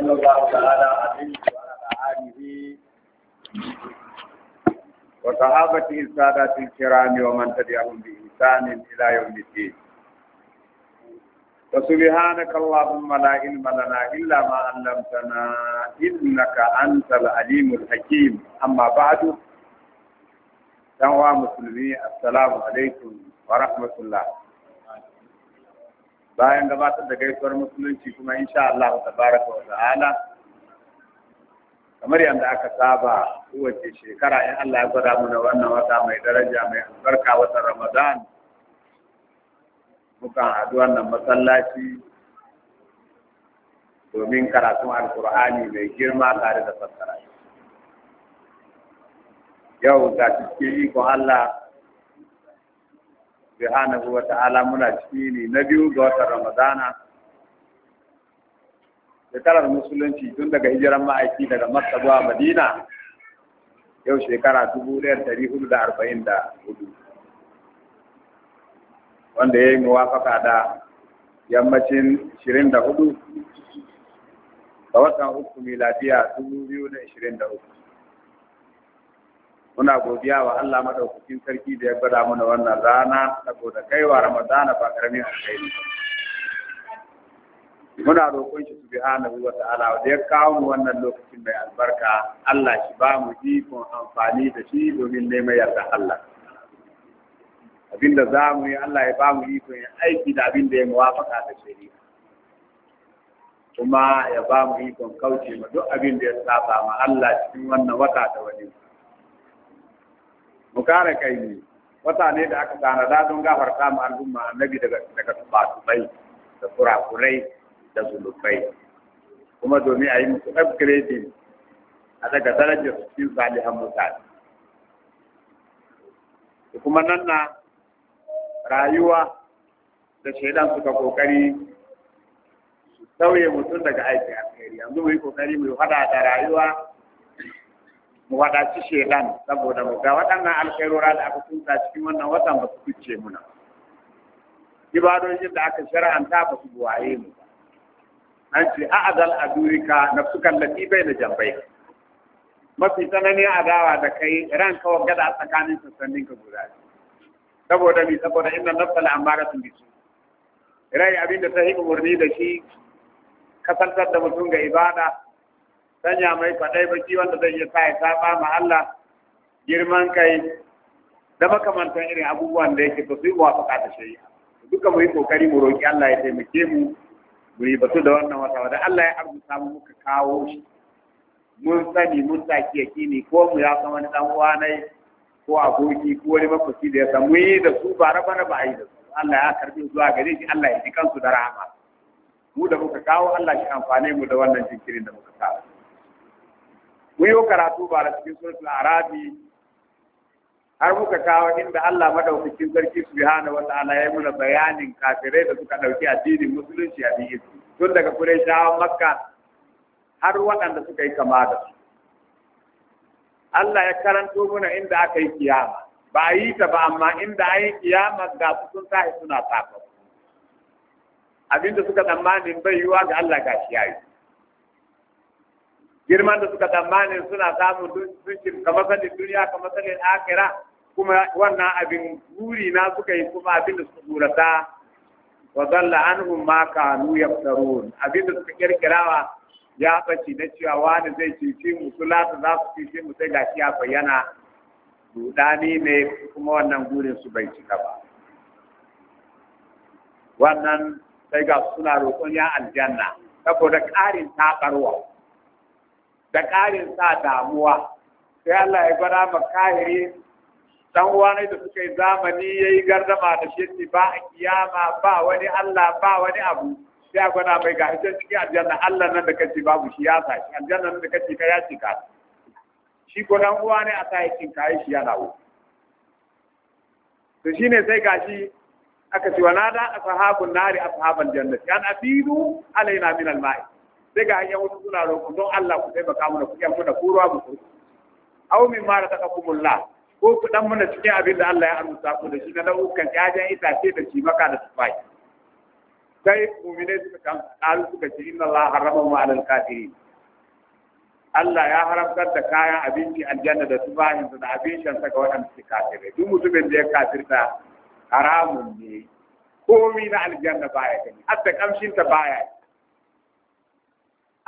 صلى الله تعالى عليه وعلى آله وصحابته السادات الكرام ومن تبعهم بإحسان إلى يوم الدين وسبحانك اللهم لا علم لنا إلا ما علمتنا إنك أنت العليم الحكيم أما بعد دعوة مسلمين السلام عليكم ورحمة الله bayan gabatar da gaisuwar musulunci kuma insha Allah baraka, wa ta'ala kamar yadda aka saba kowace shekara in Allah ya gwada mana wannan wata mai daraja mai albarka watan Ramadan muka haɗu wannan masallaci domin karatun alkur'ani mai girma tare da fassara yau ga cikin ikon Allah subhanahu wa ta'ala muna ciki ne na biyu ga watan ramadana shekarar musulunci tun daga hijiran ma'aiki daga masa zuwa madina yau shekara dubu ɗaya hudu da arba'in da hudu wanda ya yi muwafaka da yammacin 24 da hudu ga watan uku miladiya dubu biyu da da muna godiya wa Allah madaukakin sarki da ya gwada mana wannan rana saboda kaiwa Ramadana ba karamin alkhairi muna roƙon shi subhanahu wa ta'ala da ya kawo mu wannan lokacin mai albarka Allah shi ba mu ikon amfani da shi domin neman yarda Allah abinda za mu yi Allah ya ba mu ikon yin aiki da abinda ya muwafaka da shari'a kuma ya ba mu ikon kauce ma duk abinda ya saba ma Allah cikin wannan wata da wani mu kare kai ne wata ne da aka da don gafarta mu al'umma annabi daga daga tubai da kurakurai da zulubai kuma domin a yi musu upgrading a daga darajar cikin salihan mutane kuma nan na rayuwa da shaidan suka kokari su sauye mutum daga aikin alheri yanzu mu yi kokari mu hada da rayuwa mu wadaci shedan saboda mu ga waɗannan alkhairora da aka tunta cikin wannan watan ba su fice muna ibadojin da aka shar'anta ba su buwaye mu an ce na adurika nafsukan bai da jambai mafi tsananin adawa da kai ran kawai gada a tsakanin sassanin ka guda saboda mi saboda inda nafsal bi bisu rai abinda ta yi umarni da shi kasantar da mutum ga ibada sanya mai ba baki wanda zai iya sa ya saba ma Allah girman kai da makamantan irin abubuwan da yake to su yi muwafaka da shari'a duka mu yi ƙoƙari mu roƙi Allah ya taimake mu mu yi batu da wannan wata wadda Allah ya arzuta mu muka kawo shi mun sani mun taki yakini ko mu ya san wani dan uwa ko aboki ko wani mafaci da ya san mu yi da su ba raba ba a yi da su Allah ya karbi zuwa gare shi Allah ya ji kansu da rahama mu da muka kawo Allah shi amfane mu da wannan jinkirin da muka kawo mu karatu ba da cikin suratul arabi har muka kawo inda Allah madaukakin sarki subhanahu wa ta'ala ya muna bayanin kafirai da suka dauki addinin musulunci a cikin tun daga Qurayshawa Makka har waɗanda suka yi kama da su Allah ya karanto muna inda aka yi kiyama ba yi ta ba amma inda an kiyama ga su sun tashi suna tafa abinda suka tsammanin bai yiwa ga Allah gashi yayi girman da suka tsammani suna samun sun kamar sanin duniya kamar sanin akira kuma wannan abin guri na suka yi kuma abin da suka gurata wa zalla anhum ma kanu yaftarun abin da suka kirkirawa ya bace na cewa wani zai cece mu su lata za su cece mu sai gashi ya bayyana dudani ne kuma wannan gurin su bai cika ba wannan sai ga suna roƙon ya aljanna saboda ƙarin taƙarwa da ƙarin sa damuwa sai Allah ya gwada ma kahiri dan ne da suka yi zamani ya yi gardama da shi ba a kiyama ba wani Allah ba wani abu sai a gwada mai ga ita cikin aljanna Allah nan da kace babu shi ya sa shi aljanna nan da kace ka ya ce ka shi ko dan uwa ne a sa yakin kai shi ya dawo to shine sai gashi aka ce wa nada ashabun nari ashabul jannati an afidu alaina min al-ma'i sai ga hanyar wasu suna roƙon don Allah ku taimaka mana muna kuke da kuruwa mu so aw min ma rataqakumullah ko ku dan mana cikin abin da Allah ya amsa ku da shi na nau'ukan ita itace da shi maka da tufai sai mu'mine suka kan alu suka ce inna Allah harrama ma alal Allah ya haramtar da kayan abinci aljanna da tufahin da abin shan saka waɗanda su kafirai duk mutumin da ya kafirta haramun ne komi na aljanna baya gani hatta kamshin ta baya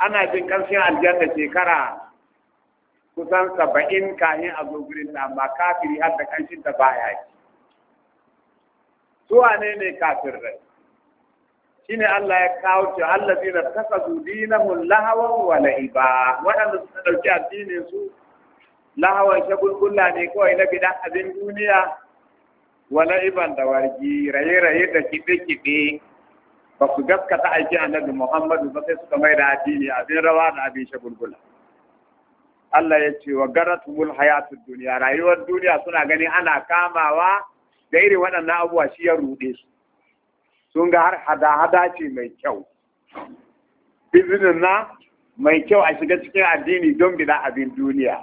ana jin ƙarshen aljanna shekara kusan saba'in kayan a zo da amma kafiri har da kanshin da baya yi su wane ne kafin rai shi ne Allah ya kawo ce Allah zai da kasa su mun lahawar wa la'iba waɗanda suka ɗauki addinin su lahawan shagulgulla ne kawai na gidan abin duniya wa la'iban da wargi raye-raye da kiɗe-kiɗe ba su gaskata aiki annabi Muhammadu ba sai suka mai da addini abin rawa da abin shagulgula Allah ya ce wa garatumul hayatu duniya rayuwar duniya suna gani ana kamawa da irin waɗannan abubuwa shi ya ruɗe su sun ga har hada-hada ce mai kyau bizinin na mai kyau a shiga cikin addini don bida abin duniya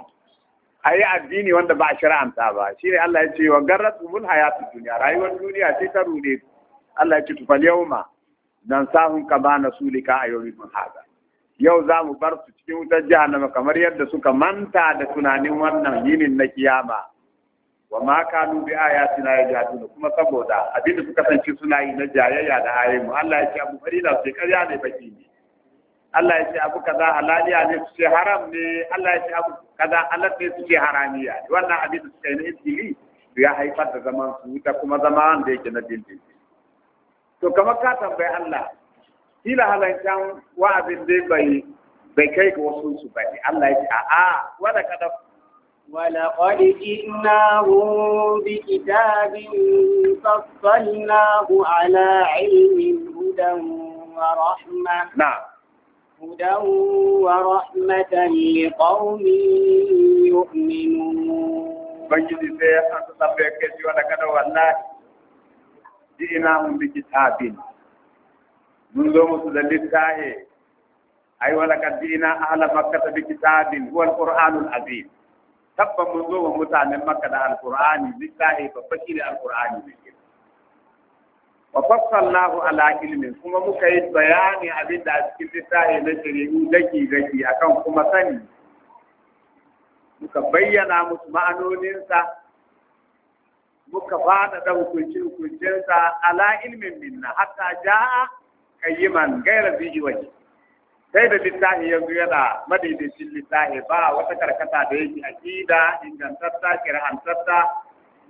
a yi addini wanda ba a shari'anta ba shi ne Allah ya ce wa garratumul hayatu duniya rayuwar duniya sai ta ruɗe Allah ya ce tufal ma. dan sahun ka ba sulika a yau min haza yau za mu bar su cikin wutar jahannama kamar yadda suka manta da tunanin wannan yinin na kiyama wa ma kanu bi ayatina yajhadun kuma saboda abin da suka sanci suna yi na jayayya da ayoyin mu Allah ya ce abu farila sai karya ne baki ne Allah ya ce abu kaza halaliya ne su ce haram ne Allah ya ce abu kaza halal ne su ce haramiya wannan abin da suka yi na ibtili ya haifar da zaman su ta kuma zaman da yake na dindindin to kamar ka tambayi Allah kila halancan wa'azin dai bai bai kai ga wasu su bane Allah ya ce a a wala kada wala qadi inna hu bi kitabin fassalnahu ala ilmin hudan wa rahma na hudan wa rahmatan liqaumin yu'minun sai an wala kada wallahi ji'nahum bi kitabin mun zo musu da littahi ay wala kad ji'na ahla makkah bi kitabin huwa al-qur'anul azim tabban mun zo wa mutanen makka da al-qur'ani littahi babba shine al-qur'ani ne wa fassalnahu ala ilmin kuma muka yi bayani abin da a cikin littafi na shari'u daki daki akan kuma sani muka bayyana musu sa. muka ba da hukunci hukuncinsa ala ilmin minna hatta ja'a kayyiman gaira bihi waje. sai da littafi yanzu yana madaidaicin littafi ba wata karkata da yake aqida ingantatta kirhantatta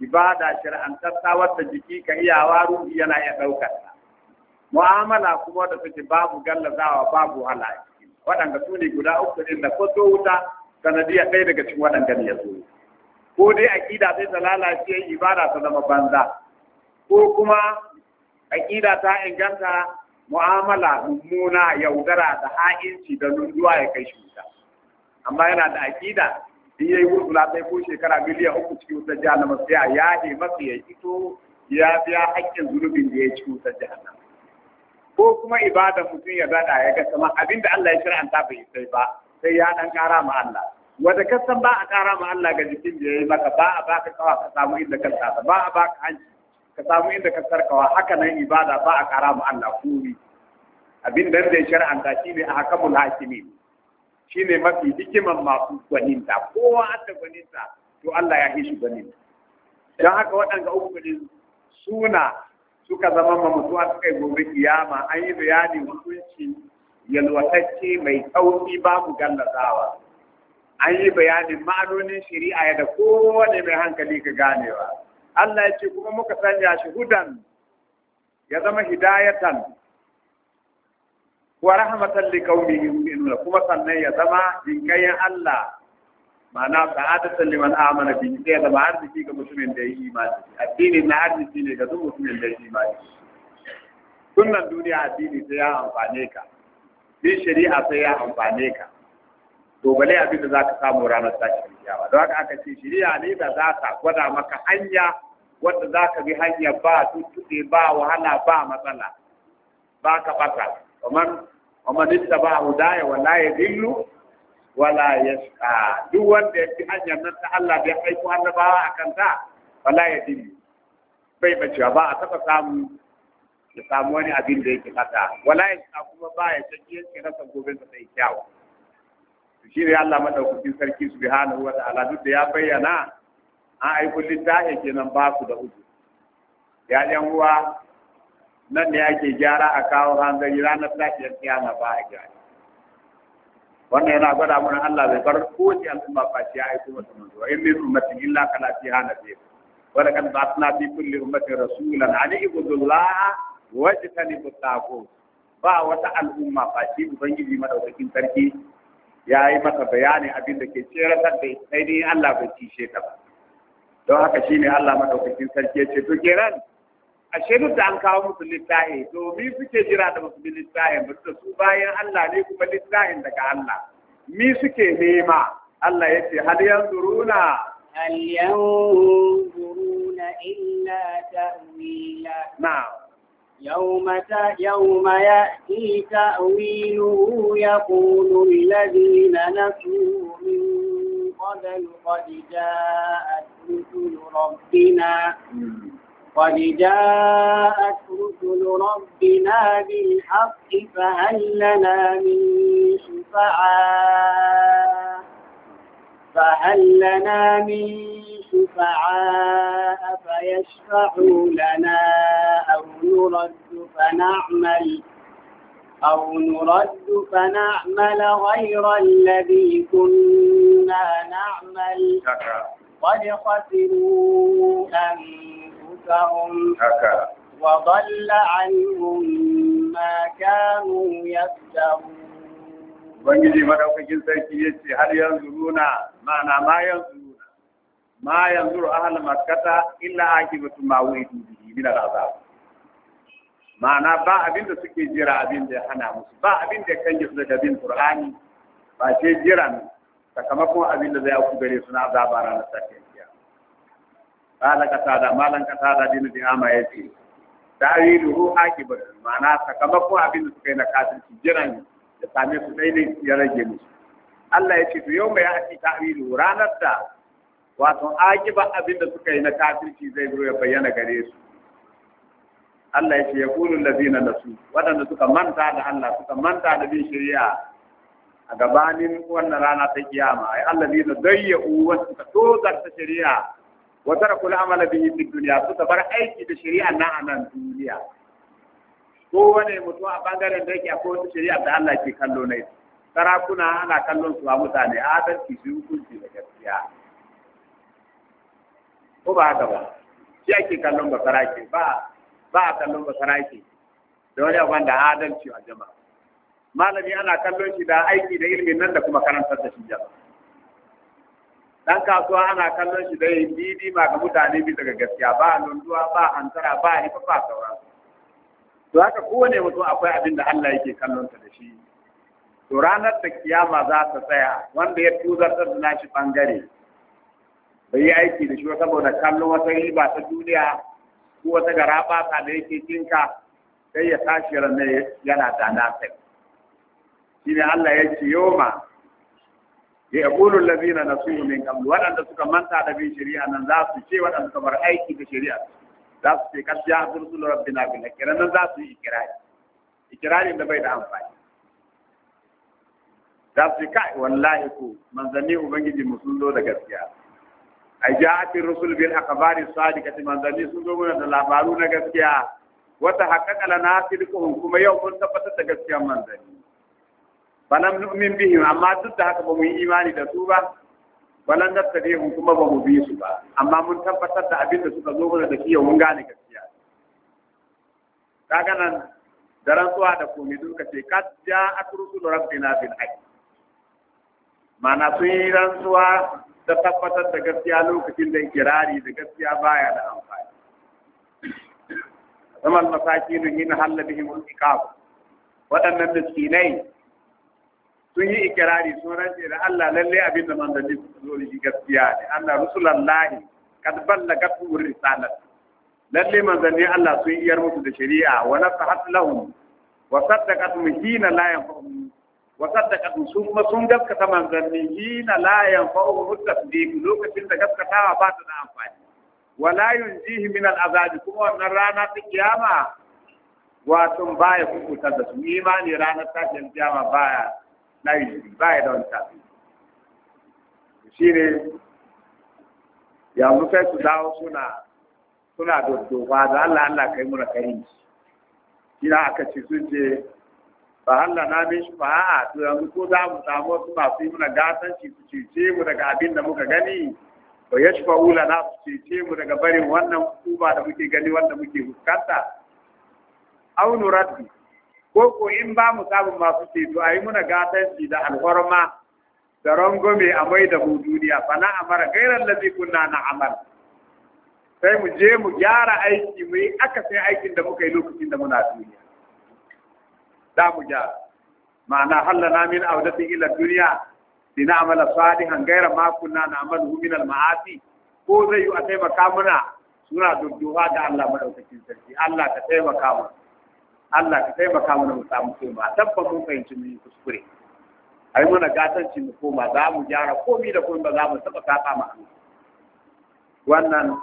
ibada shir'antatta wata jiki ka iyawa ruhi yana iya daukar mu'amala kuma da suke babu gallazawa babu halaki waɗanda su ne guda uku ɗin da ko wuta sanadiyar ɗaya daga cikin waɗanda ne ya zo ko dai aƙida sai ta lalace ibada ta zama banza ko kuma aƙida ta inganta mu'amala mummuna yaudara da ha'inci da lunduwa ya kai shuta amma yana da aƙida in yayi wutsula sai ko shekara miliyan uku cikin wutar jahannama sai a yaɗe masa ya fito ya biya haƙƙin zunubin da ya ci wutar jahannama ko kuma ibada mutum ya zaɗa ya ga sama abinda Allah ya shir'anta bai sai ba sai ya ɗan ƙara ma Allah wata kasan ba a kara ma Allah ga jikin da ya yi maka ba a baka kawa ka samu inda ka tsada ba a baka hanci ka samu inda ka sarkawa haka nan ibada ba a kara ma Allah kuri abin da zai shar'anta shine a hakamul hakimi shine mafi hikiman masu gwaninta kowa da gwaninta to Allah ya hishi gwaninta don haka waɗanda uku ne suna suka zama ma mutuwa suka yi gobe kiyama an yi bayani hukunci yalwatacce mai tsauki babu gallazawa an yi bayanin ma'anonin shari'a da kowane mai hankali ka ganewa Allah ya ce kuma muka sanya shi hudan ya zama hidayatan wa rahmatan li qaumihi yu'minuna kuma sannan ya zama dinkayen Allah ma'ana sa'adatan liman amana bihi sai zama arziki ga mutumin da ya yi imani addini na arziki ne ga duk mutumin da ya yi imani sunnan duniya addini sai ya amfane ka din shari'a sai ya amfane ka to bale abin da zaka samu ranar tashin kiyama don haka aka ce shiriya ne da za ta gwada maka hanya wanda za bi hanya ba tutube ba wahala ba matsala ba ka ɓata ba ومن wala ya dillu, wala ya يشقى duk wanda ya bi hanyar nan ta Allah bai aiko annabawa a ta, wala ya dillu bai bacewa ba a taba samu ya samu wani abin da yake fata wala ya kuma ba ya shakki yanke rasa gobe ta sai kyawu shi ne Allah madaukakin sarki subhanahu wa ta'ala duk da ya bayyana an aiko littafi kenan ba su da uku ya yan uwa nan ne ake gyara a kawo hanzari ranar lafiyar yana ba a gyara wannan yana gwada mana Allah bai bar kowace al'umma ba shi ya aiko mata manzo in min ummatin illa kana fi hanafi wa laqad ba'athna fi kulli ummatin rasulan an ibudu Allah wa tajtanibu ba wata al'umma ba shi ubangiji madaukakin sarki ya yi masa bayanin abin da ke ceratar da ainihin Allah bai kishe ta ba don haka shi ne Allah madaukakin sarki ya ce to kenan ashe duk da an kawo musu littahi domin suke jira da musu littahin ba su bayan Allah ne kuma littahin daga Allah mi suke nema Allah ya ce hal yanzuruna hal yanzuruna illa ta'wila na'am يوم يوم يأتي تأويله يقول الذين نسوه من قبل قد جاءت رسل ربنا قد جاءت رسل ربنا بالحق فهل لنا من شفعاء فهل لنا من شفعاء يشفعوا لنا أو نرد فنعمل أو نرد فنعمل غير الذي كنا نعمل قد خسروا أنفسهم وضل عنهم ما كانوا يفترون. Ubangiji ما في ya ce هل ينظرون معنا ما ينظرون ma yanzuru ahal makkata illa akibatu ma wuridu bihi min al'azab ma'ana ba abin da suke jira abin da ya hana musu ba abin da kan yi daga bin qur'ani ba ce jiran sakamakon abin da zai aku gare su na da azaba ranar sakin kiya qala qatada malan qatada dinu di yi yace ta'wiluhu akibatu ma'ana sakamakon abin da suka yi na kafirci jiran da same su daidai ya rage musu Allah ya ce to yau mai ya ake ta'wilu ranar da wato akiba abin da suka yi na kafirci zai zo ya bayyana gare su Allah ya ce ya kulu lazina da su waɗanda suka manta da Allah suka manta da bin shari'a a gabanin wannan rana ta kiyama ai Allah ne da dayyaku uwa suka tozarta shari'a wa taraku al'amala bihi fi dunya suka bar aiki da shari'a na a duniya ko wane mutum a bangaren da yake akwai wata shari'a da Allah ke kallo ne sarakuna ana kallon su a mutane adalci su hukunci da gaskiya ko ba haka ba shi ake kallon ba sarake ba ba a kallon ba sarake da wani abu da adalci a jama'a malami ana kallon shi da aiki da ilimin nan da kuma karantar da shi jama'a dan kasuwa ana kallon shi da yin didi ma ga mutane bi daga gaskiya ba lunduwa ba hantara ba hifa ba saura. to haka kowane mutum akwai abin da Allah yake kallon ta da shi to ranar da kiyama za ta tsaya wanda ya tuzartar da nashi bangare bai yi aiki da shi ba saboda kallon wata riba ta duniya ko wata gara basa da yake cinka sai ya tashi ranne yana dana sai shi ne Allah ya ce yoma ya ƙulu lazina na su min kamlu waɗanda suka manta da bin shari'a nan za su ce waɗanda suka bar aiki da shari'a za su ce kasiya zursul rabbina bil hakira nan za su yi ikirari ikirarin da bai da amfani za su ce kai wallahi ko manzanni ubangiji mu zo da gaskiya a ja'ati rusul bil akhbari sadiqati manzanni sun zo mana da labaru na gaskiya wata haqqaqa lana sidquhum kuma yau mun tabbatar da gaskiyar manzanni falam nu'min bihim amma duk da haka ba mu yi imani da su ba balan da tadehun kuma ba mu bi su ba amma mun tabbatar da abin da suka zo mana da shi mun gane gaskiya kaga nan da rantsuwa da komai duka ce kad ja'at rusul rabbina bil haqq mana sun yi rantsuwa ta tabbatar da gaskiya lokacin da ikirari da gaskiya baya da amfani zaman masakinu yin halla bihim iqab waɗannan miskinai sun yi ikirari sun rance da Allah lalle abin da manzanni su zo shi gaskiya ne Allah rusulallahi kad ballagatu risalat lalle manzanni Allah sun yi yar musu da shari'a wa nasahat lahum wa saddaqat hina la yanfa'u وصدقت ثم sun gaskata manzanni hina la yanfa'uhum at-tasdiq lokacin da gaskatawa ba ta da amfani wala yunjihi min al-azab kuma wannan rana ta kiyama wato baya kukuta da su imani ranar ta kiyama baya na yi baya da wanta shine yanzu sai su dawo suna suna doddowa da Allah Allah kai mura kai shi aka ci sun ce fahalla na bin shi fa'a to yanzu ko za mu samu wasu masu yi muna shi su cece mu daga abin da muka gani ya shi fa'ula na su cece mu daga barin wannan hukuma da muke gani wanda muke fuskanta aunu nuraddu ko ko in ba mu samu masu ceto yi muna shi da alhorma da rangome a mai da mu duniya fa na amara gairan lafi kunna na amal sai mu je mu gyara aiki mu yi sai aikin da muka yi lokacin da muna duniya za mu gyara ma'ana hallana min audatin ila duniya amala salihan gaira ma kunna na'maluhu min al-ma'asi ko zai yi a taimaka mana suna dudduwa da Allah madaukakin sarki Allah ka taimaka mana Allah ka taimaka mana mu samu koma tabbata mun fahimci mun kuskure ai mana gatanci mu koma za mu gyara komai da komai ba za mu taba kafa ma wannan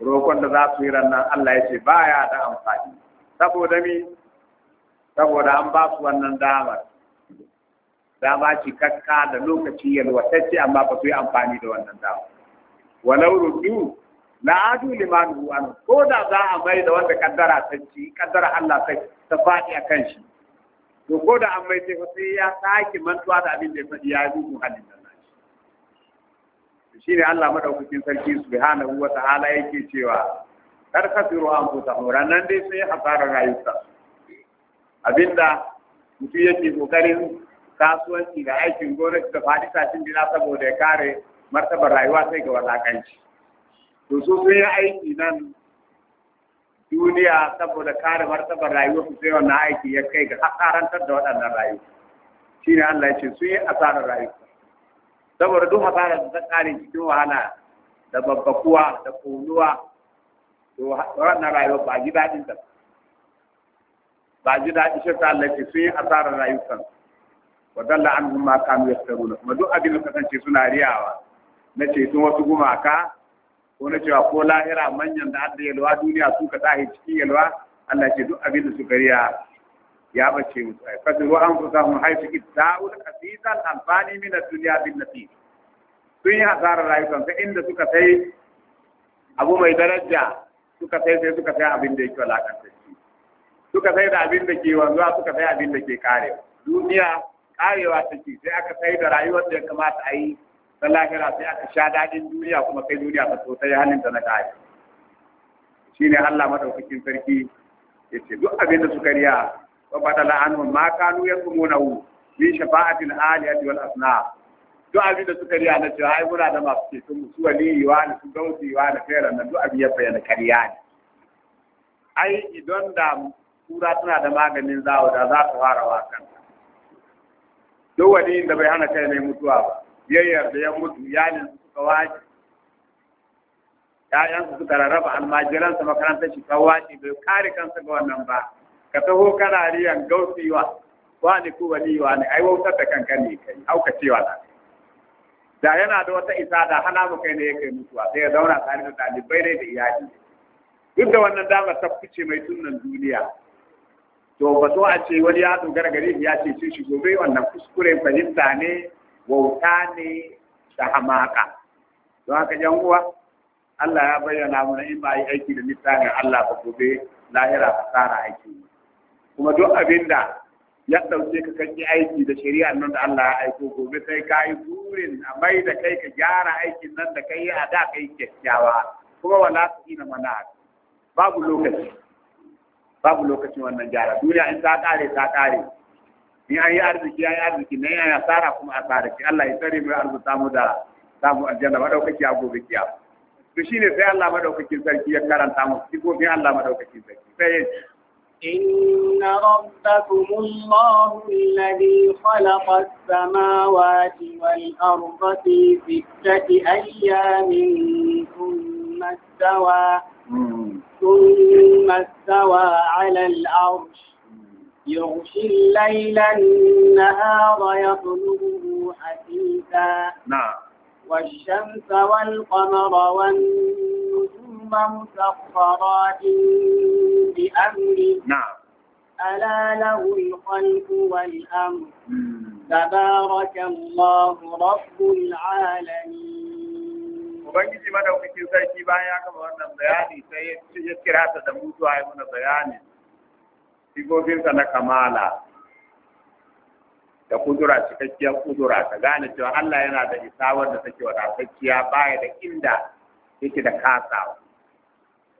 rokon da za su yi ran nan Allah ya ce baya da amfani saboda mi saboda an ba su wannan damar dama cikakka da lokaci yalwatacce amma ba su yi amfani da wannan damar walau na adu liman an ko da za a mai da wanda kaddara ta ci kaddara Allah ta faɗi a kan shi to ko da an mai sai sai ya saki mantuwa da abin da ya faɗi ya yi mugun halin da shi shi ne Allah madaukakin sarki subhanahu wa ta'ala yake cewa kar kasiru an kusa nan dai sai hasarar rayuka abinda mutum yake kokarin kasuwanci da aikin gona da faɗi tashin dina saboda ya kare martabar rayuwa sai ga walakanci to su sun yi aiki nan duniya saboda kare martabar rayuwa su sai wannan aiki ya kai ga hasarantar da waɗannan rayuwa ne Allah ya ce sun yi asarar rayuwa saboda duk asarar da ta kare cikin wahala da babbakuwa da kunuwa to waɗannan rayuwa ba ji daɗin ta ba ji da ishe ta Allah ce sun yi asarar rayukan wa dalla an ma na yaftaruna kuma duk abin da kasance suna riyawa na ceton wasu gumaka ko na wa ko lahira manyan da Allah yalwa duniya su ka tahi cikin yalwa Allah ce duk abin da suka riya ya bace musu ai fasiru anfusahum haythu itta'u al-qasisan al-fani min ad-dunya bin nasib sun yi asarar rayukan sai inda suka sai abu mai daraja suka sai sai suka sai abin da yake sai. suka sai da abin da ke wanzuwa suka sai abin da ke karewa duniya karewa ce sai aka sai da rayuwar da ya kamata a yi na lahira sai aka sha daɗin duniya kuma sai duniya ta sosai hannun ta na kare shi ne Allah maɗaukakin sarki ya ce duk abin da suka riya ba ba da la'anun ma kanu ya yasumunahu min shafa'atil aliyati wal asnaf duk abin da suka riya na ce ai muna da masu ce sun musu waliyi wa ne su gausi wa ne fera nan duk abin ya bayyana kariya ne ai idan da kura tana da maganin zawo da za ta fara wakan duk wani da bai hana kai ne mutuwa ba biyayyar da ya mutu su suka wace su suka rarraba almajiransa makarantar shi ta wace bai kare kansa ga wannan ba ka taho kana riyan gausiwa wani ku wani wani ai wautar da kanka ne kai auka cewa na da yana da wata isa da hana mu kai ne yake mutuwa sai ya zauna tare da dalibai ne da iyali duk da wannan damar ta fice mai tunan duniya to ba so a ce wani ya dogara gare ya ce shi shi gobe wannan kuskure fahimta ne wauta ne da hamaka don haka yan uwa Allah ya bayyana mana in ba yi aiki da littafin Allah ba gobe lahira fasara aiki kuma duk abinda ya dauke ka kake aiki da shari'a nan da Allah ya aiko gobe sai ka yi burin a mai da kai ka gyara aikin nan da kai a da kai kyakkyawa kuma wala su ina mana babu lokaci babu lokacin wannan gyara duniya in ta kare ta kare in an yi arziki ya yi arziki na yana asara kuma asara ki Allah ya tsare mai arzuta samu da samu aljanna madaukaki a gobe kiya to shine sai Allah madaukakin sarki ya karanta mu sifofin Allah madaukakin sarki sai ya allahu alladhi khalaqa as-samawati wal arda fi sittati ayyamin thumma istawa ثم استوى على العرش يغشي الليل النهار يطلبه حثيثا نعم والشمس والقمر والنجوم مسخرات بأمره نعم ألا له الخلق والأمر تبارك الله رب العالمين ubangiji madaukakin sarki bayan ya kama wannan bayani sai ya kira ta da mutuwa ya muna bayani sigoginsa na kamala da kudura cikakkiyar kudura ta, gane cewa Allah yana da isa wanda take wadatacciya baya da inda yake da kasawa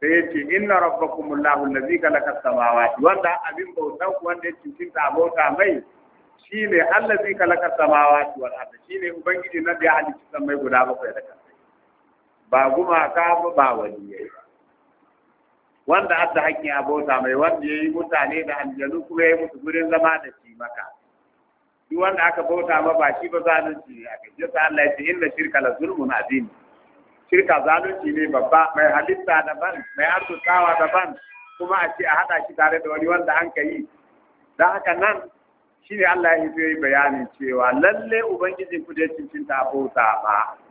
sai ya ce inna rabbakumullahu allazi khalaqa samawati wanda abin bautan ku wanda ya cincinta abota mai shine allazi khalaqa samawati wal ardi shine ubangiji na da ya halicci sammai guda bakwai da kasa ba gumaka ba ba waliyai wanda adda hakkin abota mai wanda ya yi mutane da aljanu kuma ya mutu gurin zama da shi maka duk wanda aka bauta ma ba shi ba zalunci ne a ji ta Allah ya ce inna shirka la zulmun azim shirka zalunci ne babba mai halitta daban mai arzikawa daban kuma a ce a haɗa shi tare da wani wanda an ka yi Da haka nan shi ne Allah ya yi bayanin cewa lalle ubangijin ku da cincinta bauta ba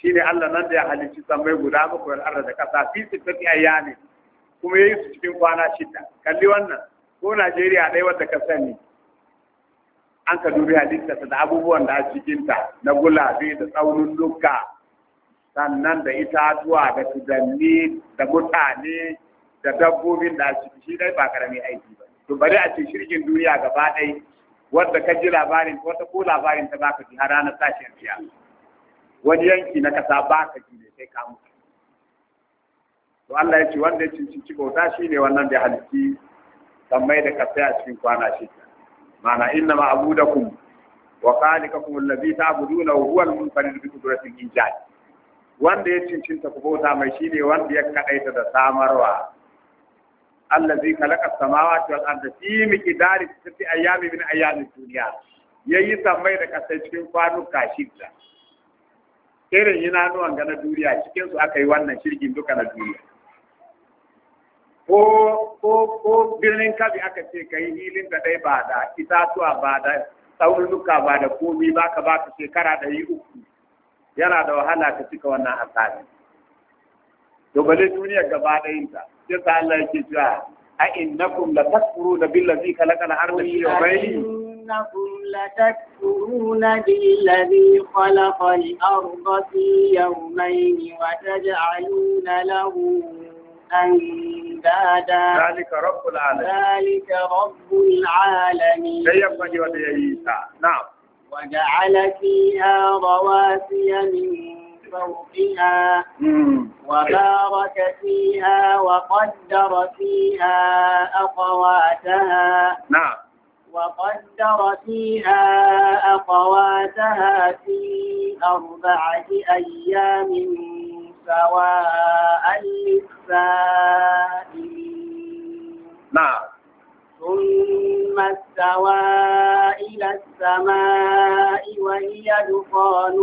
shine Allah nan da ya halicci sammai guda bakwai koyar arda da kasa fi sittati ayyami kuma yayi su cikin kwana shida kalli wannan ko Najeriya dai wanda ka sani an ka dubi halitta da abubuwan da a cikin ta na gulabe da tsaunin dukka sannan da itatuwa da tudanni da mutane da dabbobin da a ciki shi dai ba karamin aiki ba to bari a ce shirkin duniya gaba ɗaya wadda ka ji labarin wata ko labarin ta baka ji har ranar sashen biya wani yanki na kasa ba ka ji ne sai ka mutu to Allah ya ce wanda ya cincinci bauta shi ne wannan da halitti mai da kasai a cikin kwana shi Mana inna ma abudakum wa ta abu duna wa mun fari da duka qudratil ijad wanda ya cincinta ku bauta mai shi ne wanda ya kaɗaita da samarwa Allah zai allazi khalaqa samawati wal da fi ta fi ayyami min duniya. Ya yi samai da kasai cikin kwanuka ta. irin inanuwan ga na duniya cikin su aka yi wannan shirgin duka na duniya ko birnin kabi aka ce ka yi hilin da dai ba da itatuwa ba da tsaunuka ba da komi ba ka ba ka shekara yi uku yana da wahala ka cika wannan asali dubale duniya gaba ɗayin ta sai Allah yake cewa a innakum la da billazi da shi ardha fi yawmayni أنكم لتكفرون بالذي خلق الأرض في يومين وتجعلون له أندادا ذلك رب العالمين ذلك رب العالمين نعم وجعل فيها رواسي من فوقها وبارك فيها وقدر فيها أقواتها نعم وقدر فيها أقواتها في أربعة أيام سواء للسائلين نعم ثم استوى إلى السماء وهي دخان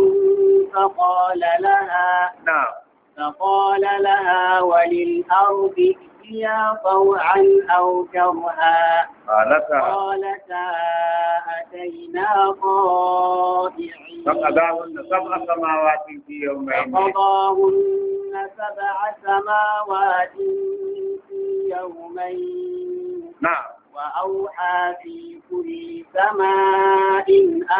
فقال لها نعم فقال لها وللأرض ائتيا طوعا أو كرها قالتا قالتا أتينا طائعين فقضاهن سبع سماوات في يومين فقضاهن سبع سماوات في يومين نعم وأوحى في كل سماء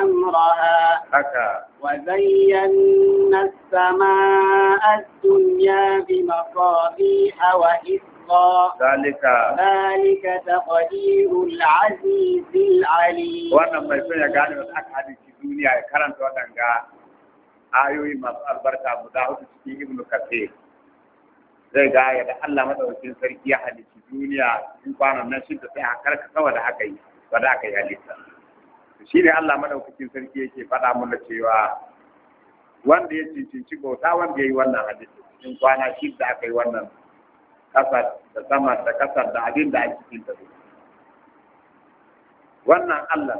أمرها حكا. وزينا السماء الدنيا بمصابيح وإسقا ذلك ذلك تقدير العزيز العليم وانا ما يكون يقال من أكاد الدنيا يكرم وانا ayoyi masu albarka guda ابن كثير zai ga yadda Allah madaukakin sarki ya halicci duniya in kwanan nan shidda sai a karka kawai da aka yi ba da aka yi halitta shi ne Allah madaukakin sarki yake faɗa mana cewa wanda ya cincinci bauta wanda ya yi wannan halitta cikin kwana da aka yi wannan kasar da sama da kasar da abin da a cikin tafi. wannan Allah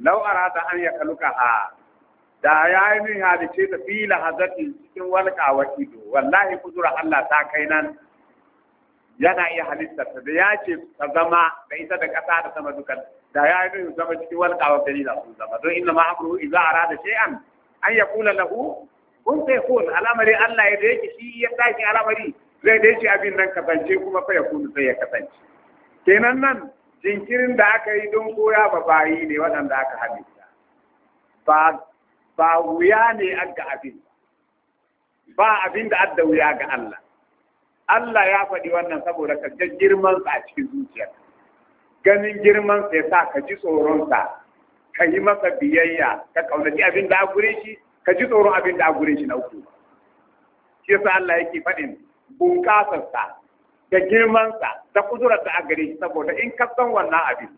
lau arada an ya kaluka a da ya yi min halice da fi lahazati cikin walƙawa ido wallahi kudura Allah ta kai nan yana iya halittarta da ya ce ta zama da ita da ƙasa da sama duka da ya yi min zama cikin walƙawa gari da sun zama don inna ma'amuru a rada ce an An ya kula na hu kun sai kun al'amari Allah ya da yake shi ya tashi al'amari zai da shi abin nan kasance kuma fa ya kunu sai ya kasance kenan nan jinkirin da aka yi don koya ba bayi ne waɗanda aka halitta ba ba wuya ne ga abin ba abin da adda wuya ga Allah Allah ya faɗi wannan saboda ka ga girman sa a cikin zuciyar ganin girman sa yasa ka ji tsoron sa ka yi masa biyayya ka kaunaci abin da a gure shi ka ji tsoron abin da a gure shi na uku shi yasa Allah yake faɗin bunƙasar sa da girman sa da kudurar da a gare shi saboda in ka san wannan abin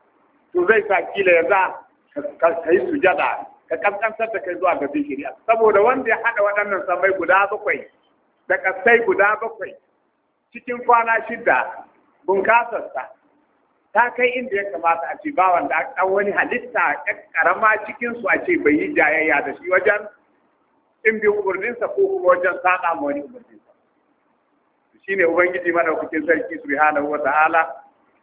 to zai sa kila ya za ka yi sujada ka kaskantar da kai zuwa ga zikiri saboda wanda ya haɗa waɗannan samai guda bakwai da ƙasai guda bakwai cikin kwana shida bunkasarsa ta kai inda ya kamata a ce bawan da wani halitta karama cikin su a ce bai yi jayayya da shi wajen in bi umarninsa ko kuma wajen saɗa ma wani umarninsa shine ubangiji madaukakin sarki subhanahu wa ta'ala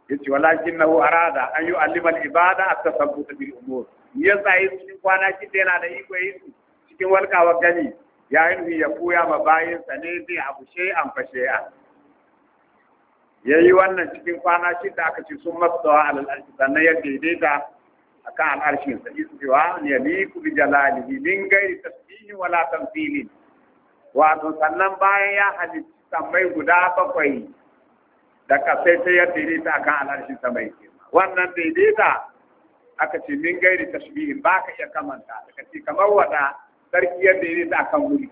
yace nahu arada an yu'allima al-ibada at-tasabbut bil umur ya tsaye cikin kwana shida yana da iko yi cikin walkawa gani yayin yi ya koya ma bayin sa ne zai abu an fashe Ya yayi wannan cikin kwana da aka ce sun masawa al arshi sannan ya daidaita akan al'arshin sa istiwa ne ku bi jalalihi min gairi tasbihi wala tamthili wato sannan bayan ya halitta sammai guda bakwai Daga sai sai ya daidaita akan al'arshin mai girma wannan daidaita aka ce min gairi tashbihin ba ka iya kamanta aka ce kamar wada sarki ya daidaita akan wuri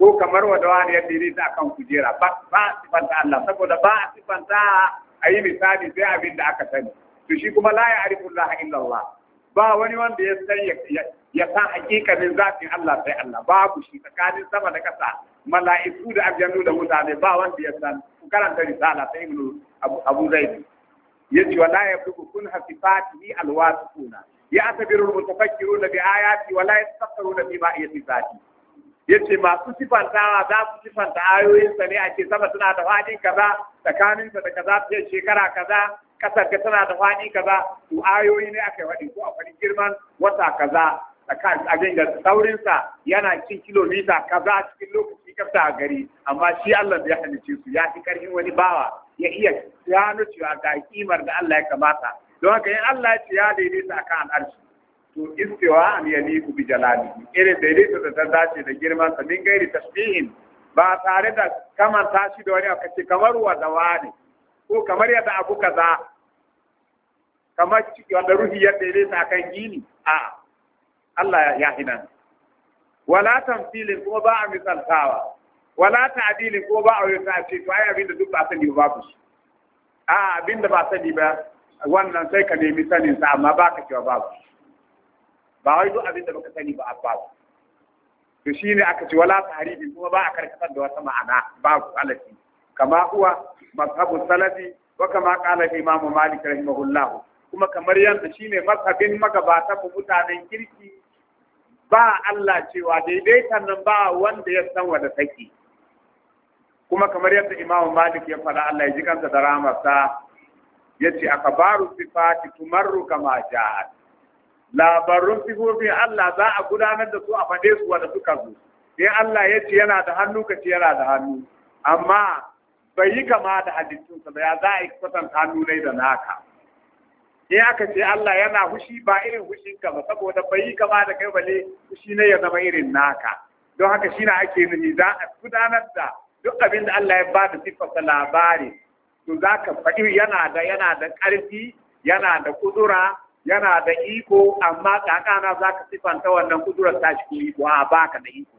ko kamar wada wani ya daidaita akan kujera ba a sifanta Allah saboda ba a sifanta a yi misali sai abin da aka sani to shi kuma la ya'rifu Allah illa Allah ba wani wanda ya san ya san hakikanin zafin Allah sai Allah babu shi tsakanin sama da kasa mala'iku da aljannu da mutane ba wanda ya san ku karanta risala ta ibnu abu zaid yace wala yabdu kun hasifatihi alwasifuna ya'tabiru almutafakkiruna bi ayati wala yastaqiruna bi ma'iyati zati yace masu sifantawa za su sifanta ayoyin sa ne a sama suna da fadi kaza tsakanin da kaza ta shekara kaza kasar ka tana da fadi kaza to ayoyi ne aka haɗi, ko a kari girman wata kaza abin da saurinsa yana cin kilomita kaza cikin lokaci kafta a gari amma shi Allah ya halice su ya fi karfin wani bawa ya iya gano cewa ga kimar da Allah ya kamata don haka in Allah ya ce ya daidaita akan al'arshi to istiwa an ku bi jalalihi irin daidaita da ta dace da girman sa min gairi tasbihin ba tare da kamanta shi da wani aka ce kamar wa da wani ko kamar yadda abu kaza kamar wanda ruhi ya daidaita akan gini A'a. Allah ya hina wala filin kuma ba a misaltawa wala ta'dilin kuma ba a yi ta ce to ai abin da duk ba sani ba babu shi a abin da ba sani ba wannan sai ka nemi sanin sa amma ba ka cewa babu ba wai duk abin da baka sani ba babu to shine aka ce wala tahribin kuma ba a karkatar da wata ma'ana babu alafi kama huwa mazhabu salafi wa kama qala imamu malik rahimahullah kuma kamar yanda shine mazhabin magabata mutanen kirki ba Allah cewa daidaitan nan ba wanda ya san wanda take kuma kamar yadda Imam Malik ya fara Allah ya ji kansa da rahamarsa yace akabaru sifati tumarru kama ja'at labarun sifofin Allah za a gudanar da su a fade su wanda suka zo sai Allah ya ce yana da hannu ka ce yana da hannu amma bai yi kama da halittunsa ba ya za a yi kwatanta hannu da naka ne aka ce Allah yana hushi ba irin ka ba saboda bai kama da kai bale shi ne ya zama irin naka don haka shi na ake nufi za a gudanar da duk abin da Allah ya bada da siffarsa labari to za ka faɗi yana da yana da ƙarfi yana da kudura yana da iko amma kakana za ka siffanta wannan kudurar ta shi iko a baka da iko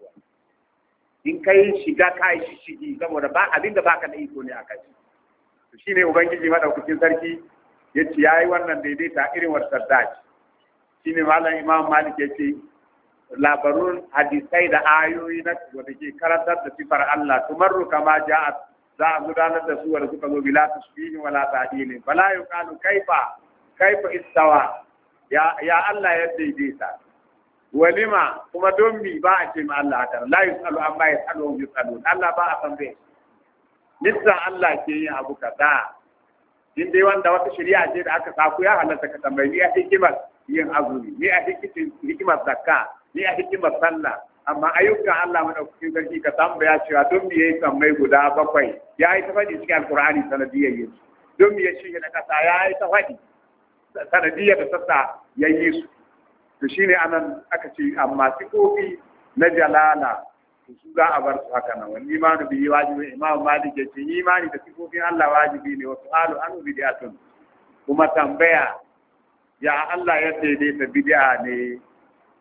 in kai shiga ka yi shigi saboda ba abin da baka da iko ne a kai shi ne ubangiji madaukakin sarki yace yayi wannan daidaita irin wasar daji shine malam imam malik yace labarun hadisai da ayoyi na wanda ke karantar da sifar Allah tumarru kama ja'at za a gudanar da su wanda suka zo bila tasbihi wala ta'dili bala yuqalu kaifa kaifa istawa ya ya Allah ya daidaita walima kuma don mi ba a ce ma Allah ta la yusalu amma yasalu yusalu Allah ba a san bai nissa Allah ke yin abu kaza in dai wanda wata shari'a ce da aka sako ya halatta ka tambayi ni a hikimar yin azumi ni a hikimar zakka ni a hikimar sallah amma ayyukan Allah madaukakin sarki ka tambaya cewa don me yayi mai guda bakwai ya yi ta faɗi cikin alkur'ani sanadiyar yin don me ya na kasa ya yi ta faɗi sanadiyar da sassa ya yi su to shine anan aka ce amma sifofi na jalala su za a bar su haka nan wani imanu bi wajibi imam malik ya ce imani da sifofin Allah wajibi ne wasu alu an bid'atun kuma tambaya ya Allah ya daidaita bid'a ne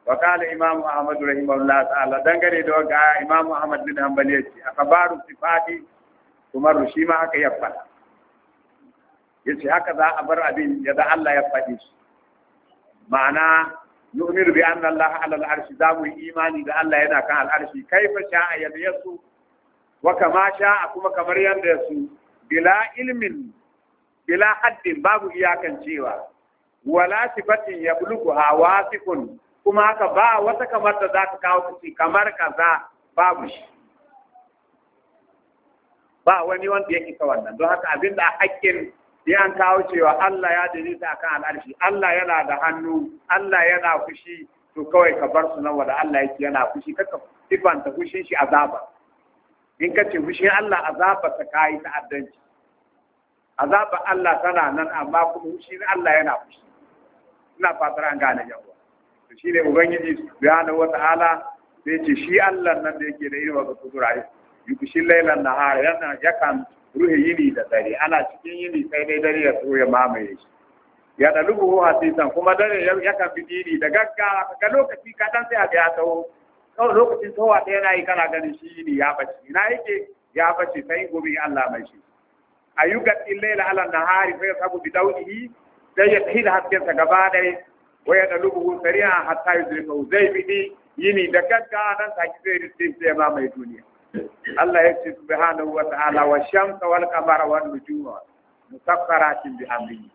wa qala imam ahmad rahimahullah ta'ala dangane da waka imam ahmad bin hanbal ya ce akabaru sifati kuma rushi ma haka ya fada ce haka za a bar abin da Allah ya faɗi ma'ana yu'minu bi anna Allah ala al-arshi za mu yi imani da Allah yana kan al-arshi kaifa sha'a wa kama sha'a kuma kamar yanda su. bila ilmin bila haddin babu iyakan cewa wala sifatin yabluguha wasifun kuma haka ba wata kamar da za ta kawo ta kamar kaza babu shi ba wani wanda ya isa wannan don haka abin da hakkin sai an kawo cewa Allah ya daidaita akan al'arshi Allah yana da hannu Allah yana fushi to kawai ka bar su nan wanda Allah yake yana fushi kaka sifanta fushin shi azaba in ka ce fushin Allah azaba ta kai ta'addanci azaba Allah tana nan amma kuma fushi na Allah yana fushi ina fatar an gane yawa to shine ubangiji subhanahu wata'ala sai ce shi Allah nan da yake da yi wa kudura yukushin lailan nahara yana yakan ruhe yini da dare ana cikin yini sai dai dare ya so ya mamaye shi ya da lubu hasisan kuma dare yakan bi yini da gagga, ga lokaci kaɗan sai a ga ya taho lokacin tawa ɗaya na yi kana ganin shi yini ya bace ina yake ya bace sai gobe Allah mai shi ayyukan illaila ala nahari fa yasabu bi dawdihi sai ya tahil hasken sa gaba dai. wa ya da lubu sari'a hatta yudrika zai bi yini da gagga dan sai zai sai ya mamaye duniya Allah ya ce subhanahu wa ta'ala wa shamsa wal qamara wan nujuma musakkaratin bi amrihi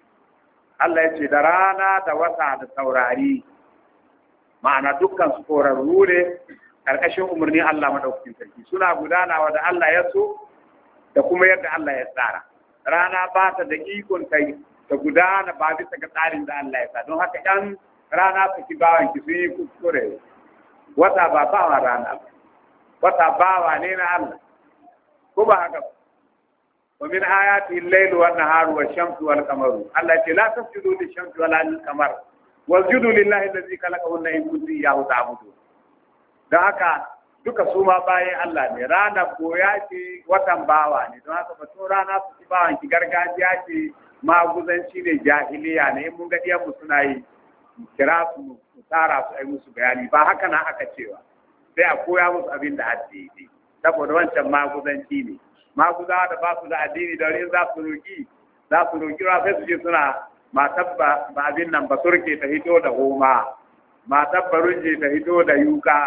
Allah ya ce da rana da wata da taurari ma'ana dukkan su korarru rure karkashin umarni Allah madaukakin sarki suna gudanawa da Allah ya so da kuma yadda Allah ya tsara rana ba ta da ikon ta ta gudana ba bisa ga tsarin da Allah ya sa don haka ɗan rana su ki bawan ki sun yi kuskure wata ba ba rana ba wata bawa ne na Allah ko ba haka ba wa min ayati al-layl wa an-nahar wa ash-shamsu al-qamar Allah ce la tasjudu lish-shamsi wa la lil-qamar wasjudu lillahi alladhi khalaqahunna in kuntum iyyahu ta'budun dan haka duka su ma bayan Allah ne rana koya ce watan bawa ne don haka batun rana su ci bawan ki gargajiya ce maguzanci ne jahiliya ne in mun ga mu suna yi kira su mu tsara su ai musu bayani ba haka na aka cewa sai a koya musu abin da addini saboda wancan maguzanci ne maguza da ba su da addini da wani za su roki za su roki ruwa sai su je suna matar ba abin nan ba turke ta hito da goma matar barunje ta hito da yuka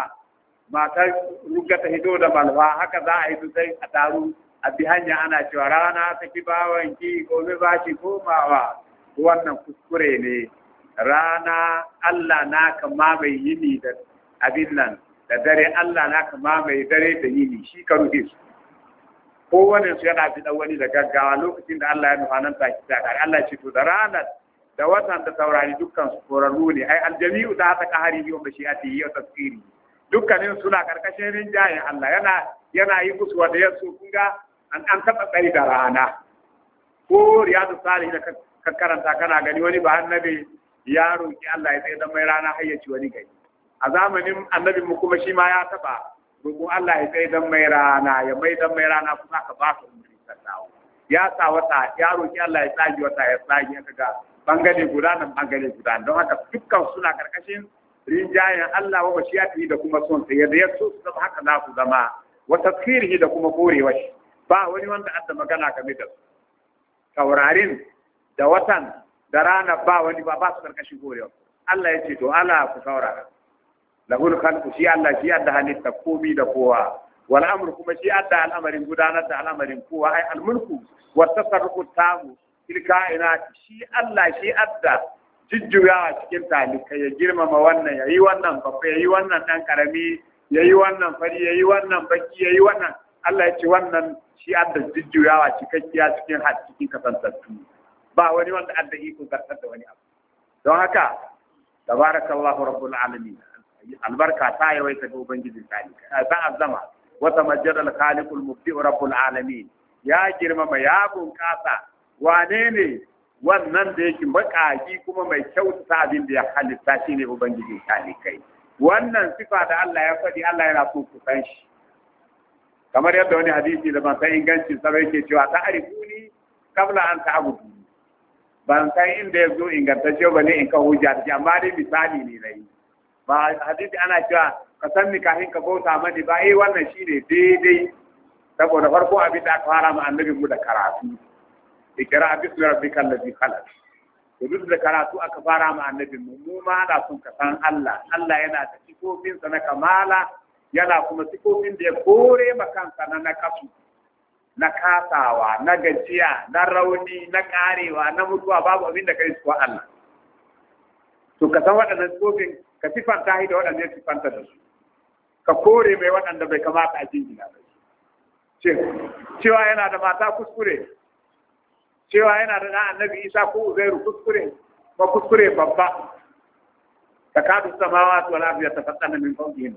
ta ruga ta hito da malwa haka za a su sai a taru a bi hanya ana cewa rana ta ki bawan ki gobe ba ki komawa wannan kuskure ne rana Allah naka ma bai ni da abin nan da dare Allah na kama mai dare da yini shi ka rufe su kowane su yana fi dan wani da gaggawa lokacin da Allah ya nufa nan ta ki kare Allah ce to da ranar da watan da taurari dukkan su korarru ne ai aljami'u da ta kahari yau ba shi ati yau tasiri dukkanin suna karkashin rinjayen Allah yana yana yi musu wanda ya so kun ga an an taba tsari da rana ko riyadu da ka karanta kana gani wani ba annabi ya roki Allah ya tsaye don mai rana hayyaci wani gari a zamanin annabin mu kuma shi ma ya taba rubu Allah ya tsaye dan mai rana ya mai dan mai rana kuma ka ba su umri sallahu ya sa wata ya roƙi Allah ya tsage wata ya tsage aka ga bangare guda nan bangare guda don haka dukkan suna karkashin rinjayen Allah wa tafi da kuma son sai yadda ya so su zama haka za su zama wa tafkirihi da kuma korewa shi ba wani wanda adda magana game da su taurarin da watan da rana ba wani ba ba su karkashin korewa Allah ya ce to Allah ku saurara lahul khalqu shi Allah shi adda halitta komi da kowa wal amru kuma shi yadda al'amarin gudanar da al'amarin kowa ai al mulku wa tasarrufu tamu fil kainat shi Allah shi adda jujjuyawa cikin talika ya girmama wannan ya yi wannan babba yayi wannan dan karami yayi wannan fari ya yi wannan baki yi wannan Allah ya ce wannan shi adda jujjuyawa cikakkiya cikin har cikin kasantattu ba wani wanda adda iko zartar da wani abu don haka tabarakallahu rabbul alamin albarka ta yawaita ta ubangijin talika ta azama wata majal khaliqul mubdi rabbul alamin ya girmama ya bunƙasa wane ne wannan da yake makaki kuma mai kyautata abin da ya halitta ne ubangijin kai? wannan sifa da Allah ya faɗi Allah yana so ku san shi kamar yadda wani hadisi da ban san ingancin sa yake cewa ta arifuni kabla an ta'budu ban san inda ya zo ingantacce ba ne in ka hujja amma dai misali ne na yi ba hadisi ana cewa ka san ni kafin ka bauta mani ba eh wannan shine daidai saboda farko abin da aka fara ma annabi mu da karatu ikra bismi rabbikal ladhi khalaq to duk da karatu aka fara ma annabi mu mu ma da son ka san Allah Allah yana da sifofin sa na kamala yana kuma sifofin da ya kore sa na nakasu na kasawa na gajiya na rauni na karewa na mutuwa babu abin da kai su Allah to ka san waɗannan tsofin ka sifanta shi da waɗanda ya sifanta da su ka kore mai waɗanda bai kamata a jingina ba cewa yana da mata kuskure cewa yana da na annabi isa ko uzairu kuskure ba kuskure babba ka kadu samawa to la ya tafaddana min fawqihim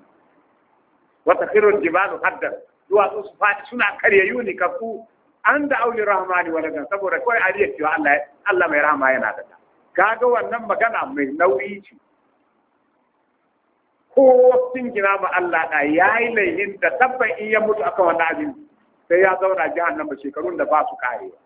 wa takhiru al-jibalu hadda zuwa su faɗi suna karyayyu ne ka ku an da auli rahmani waladan saboda kai ariyar cewa Allah Allah mai rahama yana da ta kaga wannan magana mai nauyi ce ko sun gina ma Allah na yayi laihin da tabbai in ya mutu akan wannan abin sai ya zauna ba shekarun da ba su karewa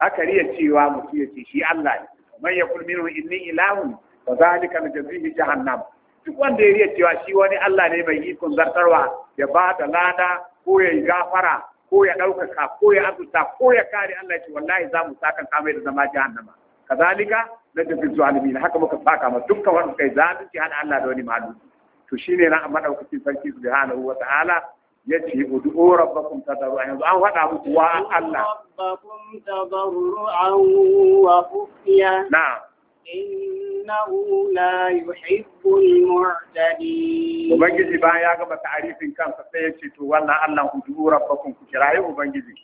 aka riya cewa mutu ya ce shi Allah ne man kulmi minhu inni ilahun fa zalika najzihi jahannam duk wanda ya riya cewa shi wani Allah ne mai ikon zartarwa ya ba da lada ko ya yi gafara ko ya ɗaukaka ko ya azuta ko ya kare Allah ya ce wallahi za mu sakan kamar da zama jahannama kazalika na jazil zalimin haka muka saka ma dukkan wanda kai zalunci hada Allah da wani malu to shi shine na madaukakin sarki subhanahu wa ta'ala yace ud'u rabbakum tadarru'an yanzu an faɗa muku wa Allah rabbakum tadarru'an wa khufiya na'am innahu la yuhibbul mu'tadin ubangiji ba ya gaba ta'arifin kansa sai yace to wannan Allah ud'u rabbakum ku kiraye ubangiji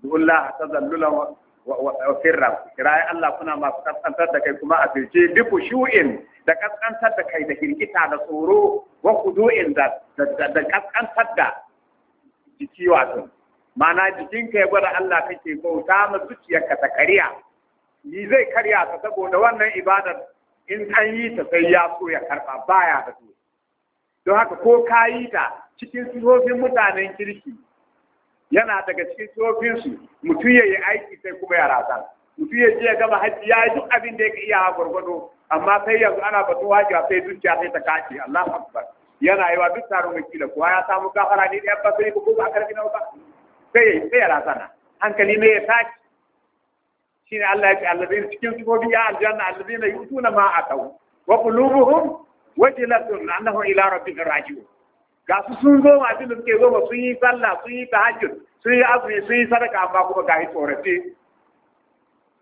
ud'u Allah tazallula wa sirra kirayen Allah kuna masu kaskantar da kai kuma a firce bi shu'in da kaskantar da kai da hirgita da tsoro wa khudu'in da da kaskantar da jiki wato mana jikinka ya gwada Allah kake bauta ma zuciyarka ta kariya Ni zai karya ka saboda wannan ibadar in an yi ta sai ya so ya karba baya da so don haka ko ka yi ta cikin sihofin mutanen kirki yana daga cikin su mutum ya aiki sai kuma ya rasa mutum ya je ya gama hajji ya yi duk abin da ya iya gwargwado amma sai yanzu ana batun wajiba sai zuciya sai ta kace Allahu akbar yana yi wa duk taron wakila kuwa ya samu gafara ne ɗaya ba sai ko ba karfi na ba sai ya sai ya rasa hankali ne ya tashi shine Allah ya ce allazina cikin sifofi ya aljanna allazina yutuna ma atau wa qulubuhum wajilatun annahu ila rabbihim raji'un ga su sun zo masu da suke zo sun yi sallah sun yi tahajjud sun yi azumi sun yi sadaka amma kuma ga tsorace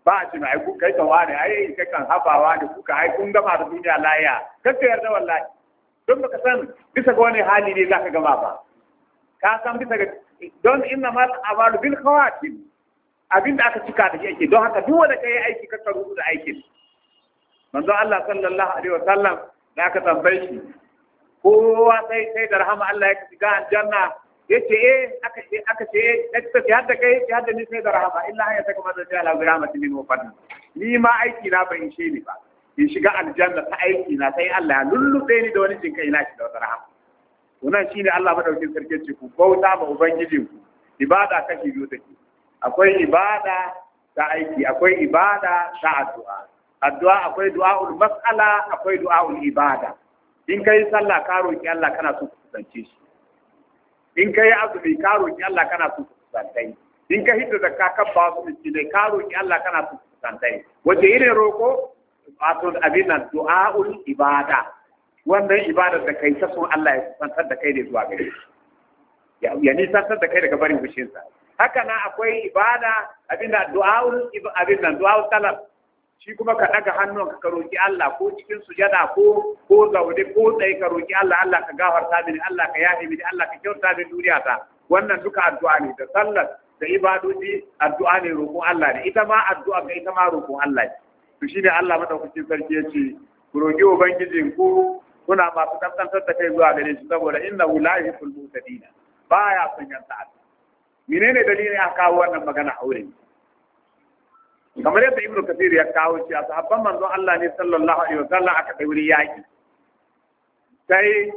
ba a cin aiku kai ta wani ai kai kan hafawa ne kuka ai kun gama da duniya laya kakka ka yarda wallahi don baka san bisa ga wani hali ne zaka gama ba ka san bisa ga don inna mal amalu bil khawatim abin da aka cika da shi ake don haka duk wanda kai aiki ka rubuta da aikin manzo Allah sallallahu alaihi wasallam da aka tambaye shi kowa sai sai da rahama Allah ya shiga aljanna yace eh aka ce aka eh, kai ni sai da rahama illa an ala min ni ma aiki na ban ishe ni ba in shiga aljanna ta aiki na sai Allah ya lullube ni da wani jin kai na shi da wata rahama wannan shine Allah madaukin sarki ce ku bauta ma ku ibada kashi biyu take akwai ibada ta aiki akwai ibada ta addu'a addu'a akwai du'a'ul mas'ala akwai du'a'ul ibada in kai sallah ka roƙi Allah kana so ka kusance shi in kai azumi ka roƙi Allah kana so ka shi in ka hidda zakka ka ba su ne ka roƙi Allah kana so ka shi wace irin roko wato abin nan du'aul ibada wannan ibada da kai ta so Allah ya kusantar da kai da zuwa gare shi ya nisantar da kai daga barin fushinsa haka na akwai ibada abin da du'aul abin nan du'aul talab shi kuma ka daga hannunka ka roƙi Allah ko cikin sujada ko ko zaune ko tsaye ka roƙi Allah Allah ka gafarta mini Allah ka yafe mini Allah ka kyauta mini duniya ta wannan duka addu'a ne da sallar da ibadoji addu'a ne roƙon Allah ne ita ma addu'a ga ita ma roƙon Allah ne to shine Allah madaukakin sarki yace ku roki ubangijin ku kuna masu kaskantar da kai zuwa gare shi saboda innahu la yuhibbul mutadina baya son yanta menene dalilin a kawo wannan magana aure wurin? kamar yadda ibnu kasir ya kawo shi a sahabban manzo Allah ne sallallahu alaihi wasallam aka kai wuri yaki sai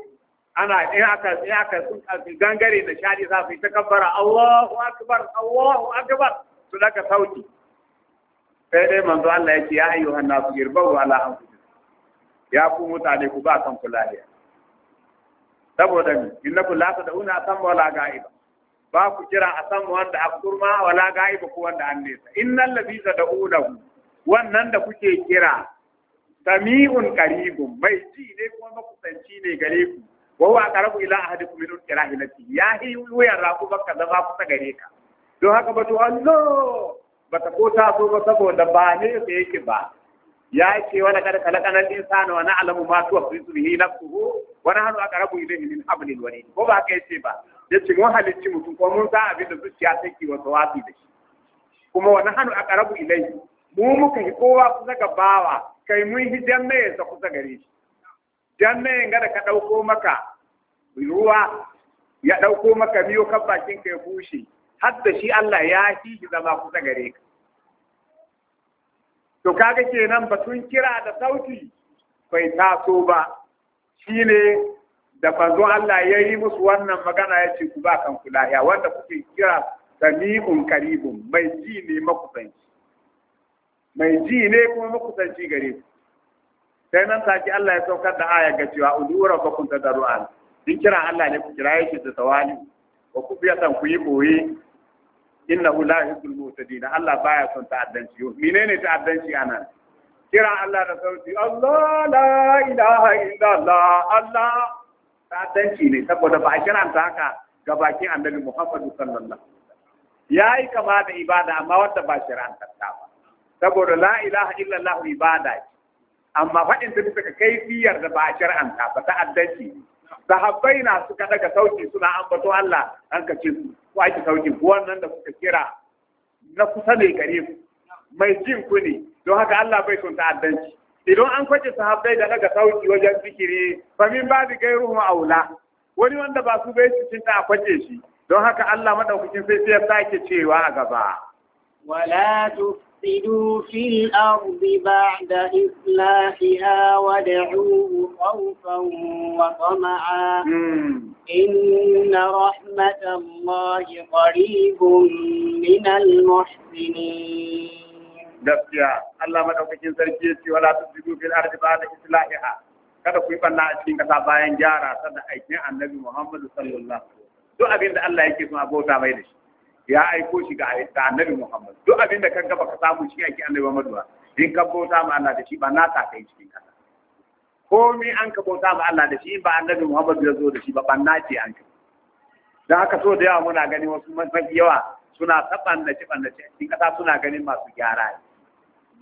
ana in aka in aka sun gangare da shadi za su yi takabbara Allahu akbar Allahu akbar su daga sauti sai dai manzo Allah ya ce ya ayyuha nasu irbahu ala anfusikum ya ku mutane ku ba kan kulahiya saboda ni innakum la tad'una asamma wala ga'iba ba ku kira a san wanda a kurma wala gaiba ko wanda an nesa innal ladhi tad'unahu wannan da kuke kira sami'un qaribun mai ji ne kuma makusanci ne gare ku wa huwa aqrabu ila ahadikum min qira'ati ya hi wayar raku baka zama kusa gare ka don haka ba to ba bata ko ta so ba saboda ba ne sai yake ba ya ce wani kada kalakan al-insana wa na'lamu ma tuwfisu bihi nafsuhu wa nahnu aqrabu ilayhi min hablil warid ko ba kai ce ba ya ce mun halicci mutum ko mun san abin da zuciya take wasu wasi da shi kuma wani hannu a ƙarabu ilai mu muka yi kowa kusa ga bawa kai mun hi jannayin sa kusa gare shi jannayin ga da ka ɗauko maka ruwa ya ɗauko maka miyo kan bakin ka ya bushe har da shi Allah ya hi zama kusa gare ka to kaga kenan batun kira da sauki? bai taso ba shine da manzon Allah ya yi musu wannan magana ya ce ku ba kan kula ya wanda kuke kira sami'un karibun mai ji ne makusanci mai ji ne kuma makusanci gare ku sai nan take Allah ya saukar da aya ga cewa kun rabbakum tadarruan in kira Allah ne ku kira ya ce da tawali wa ku biya san ku yi koyi innahu la yuhibbul mutadin Allah baya son ta'addanci yo menene ta'addanci a nan? kira Allah da sauti Allah la ilaha illa Allah Allah Ta'addanci ne saboda ba a kiranta haka ga bakin annabi Muhammadu sallallahu alaihi ya yi kama da ibada amma wata ba kiranta ta ba saboda la ilaha illallah ibada amma faɗin ta bisa kaifiyar da ba a shiranta ba ta'addanci ne sahabbai na suka daga sauki suna ambato Allah an ka ce ko ake sauki wannan da suka kira na kusa ne gare mai jin ku ne don haka Allah bai sun ta'addanci idan an kwace sahabbai da daga sauki wajen zikiri fa min gairu ma aula wani wanda ba su bai cikin ta a kwace shi don haka Allah madaukakin sai ya sake cewa a gaba wala تفسدوا في الأرض da إصلاحها ودعوه wa وطمعا hmm. Inna رحمة الله gaskiya Allah madaukakin sarki yace wala tusibu fil ardi ba'da islahiha kada ku yi banna a cikin kasa bayan gyara sada aikin annabi Muhammadu sallallahu alaihi wasallam duk abin da Allah yake son abota mai da shi ya aiko shi ga annabi Muhammad duk abin da kan gaba ka samu shi aikin annabi Muhammad ba in ka bauta ma Allah da shi ba na ta kai cikin kasa komai an ka bauta ma Allah da shi ba annabi Muhammad ya zo da shi ba banna ce an ka dan haka so da yawa muna gani wasu mafi yawa suna saɓan da ci ban da cikin kasa suna ganin masu gyara ne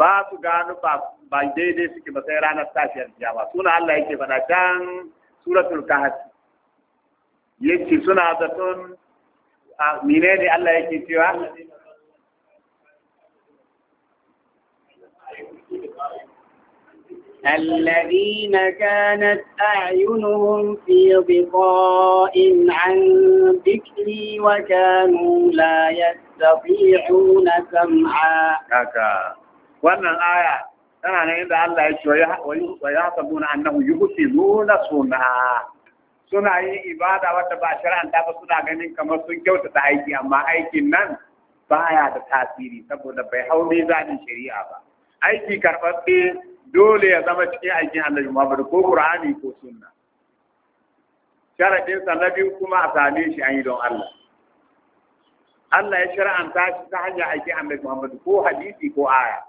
ba su gano ba daidai suke ba sai ranar tashiyar kiyama suna Allah yake fada can suratul kahf yake suna zaton a menene Allah yake cewa الذين كانت أعينهم في غطاء عن ذكري وكانوا لا يستطيعون سمعا wannan aya tana nan inda Allah ya ce wa ya sabuna annahu yuhsinuna suna suna yin ibada wata ba da ba suna ganin kamar sun kyautata aiki amma aikin nan baya da tasiri saboda bai hau zanin shari'a ba aiki karɓaɓɓe dole ya zama cikin aikin annabi Muhammad ko Qur'ani ko sunna sharadin sa kuma a same shi an yi don Allah Allah ya shar'anta shi ta hanyar aiki annabi Muhammad ko hadisi ko aya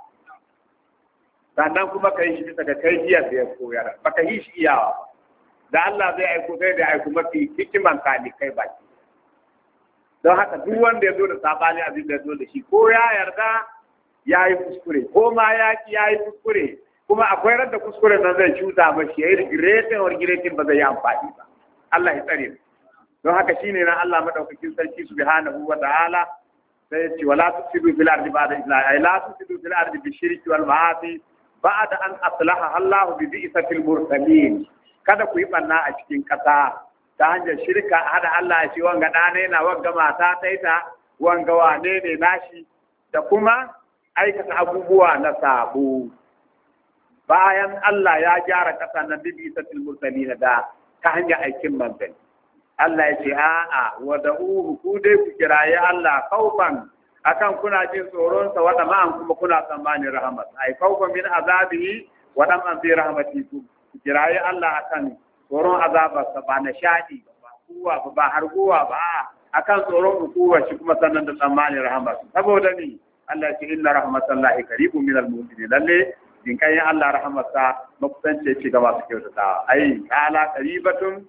sannan kuma ka yi shi bisa ga tarbiyyar da ya koyar baka yi shi iyawa da Allah zai aiko sai da aiko mafi hikiman ba baki don haka duk wanda ya zo da sabani abin da ya zo da shi ko ya yarda ya yi kuskure ko ma ya ki ya yi kuskure kuma akwai randa kuskure nan zai cuta mashi ya yi rigiretin wani giretin ba zai yi amfani ba Allah ya tsare don haka shine na Allah madaukakin sarki subhanahu wa ta'ala sai ya ce wala tusidu fil ardi ba'da islahi la tusidu fil ardi bi shirki wal ma'asi ba'da an aslaha Allah bi bi'satil mursalin kada ku yi banna a cikin kasa ta hanyar shirka hada Allah ya ce wanga ne na wanga mata taita wanga wane ne nashi da kuma aikata abubuwa na sabo bayan Allah ya gyara ƙasa na bibi bi'satil mursalin da ta hanyar aikin manzali Allah ya ce a'a wa da'u ku dai ku kiraye Allah kaufan akan kuna jin tsoronsa wa tama'an kuma kuna tsammanin rahmat ai kawkun min azabihi wa tama'an fi rahmati ku kirayi Allah akan tsoron azabarsa ba na shaɗi ba kuwa ba ba harguwa ba akan tsoron kuwa shi kuma sannan da tsammanin rahmat saboda ni Allah shi inna rahmatallahi qaribun min al lalle din kai Allah rahmatsa makusance shi ga masu kyautatawa ai kala qaribatun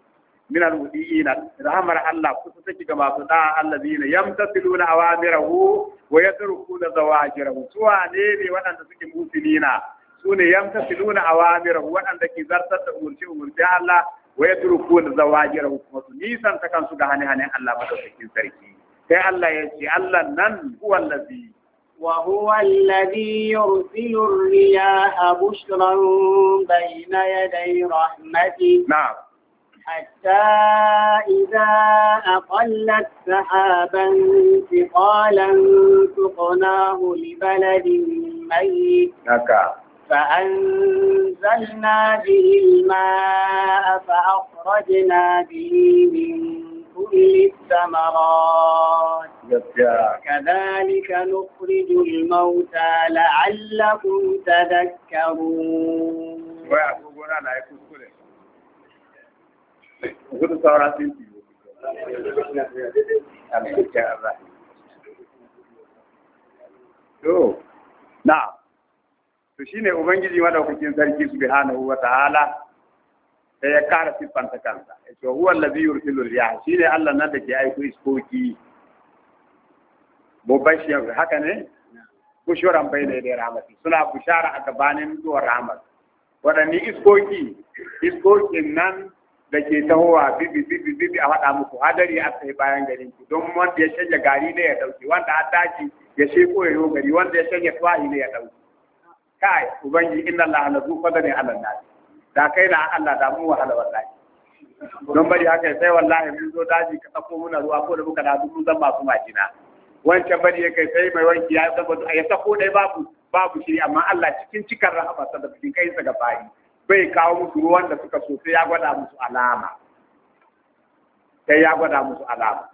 min al-mudiina Allah kusa take ga masu da allazina yamtasiluna awamirahu wa yatrukuna zawajirahu suwa ne ne waɗanda suke musulina su ne yamtasiluna awamirahu waɗanda ke zartar da umurci umurci Allah wa yatrukuna zawajirahu kuma su nisan ta kansu ga hane hane Allah sarki sai Allah ya ce Allah nan huwa وهو الذي يرسل الرياح بشرا بين يدي رحمته نعم حتى إذا أقلت سحابا ثقالا سقناه لبلد ميت فأنزلنا به الماء فأخرجنا به من كل الثمرات كذلك نخرج الموتى لعلكم تذكرون gudun to na to ubangiji madaukakin sarki subhanahu wa ta'ala da ya kara siffanta kansa yace Allah nan da ke aiko iskoki haka ne bai da suna bushara a gabanin zuwa rahmat waɗanne iskoki iskokin nan da ke tahowa bibi bibi bibi a haɗa muku hadari a sai bayan garin ku don wanda ya shanya gari ne ya ɗauki wanda a daji ya ko ya yi gari wanda ya shanya tuwa'i ne ya ɗauki kai ubangi inna allaha la zu fadani ala nas da kai na Allah da mu wahala wallahi don bari haka sai wallahi mun zo daji ka tsako muna ruwa ko da muka da mun zan masu majina wancan bari ya kai sai mai wanki ya tabbata ya tsako dai babu babu shi amma Allah cikin cikar rahama sa da cikin kai sa ga bayi bai kawo musu ruwan da suka so sai ya gwada musu alama sai ya gwada musu alama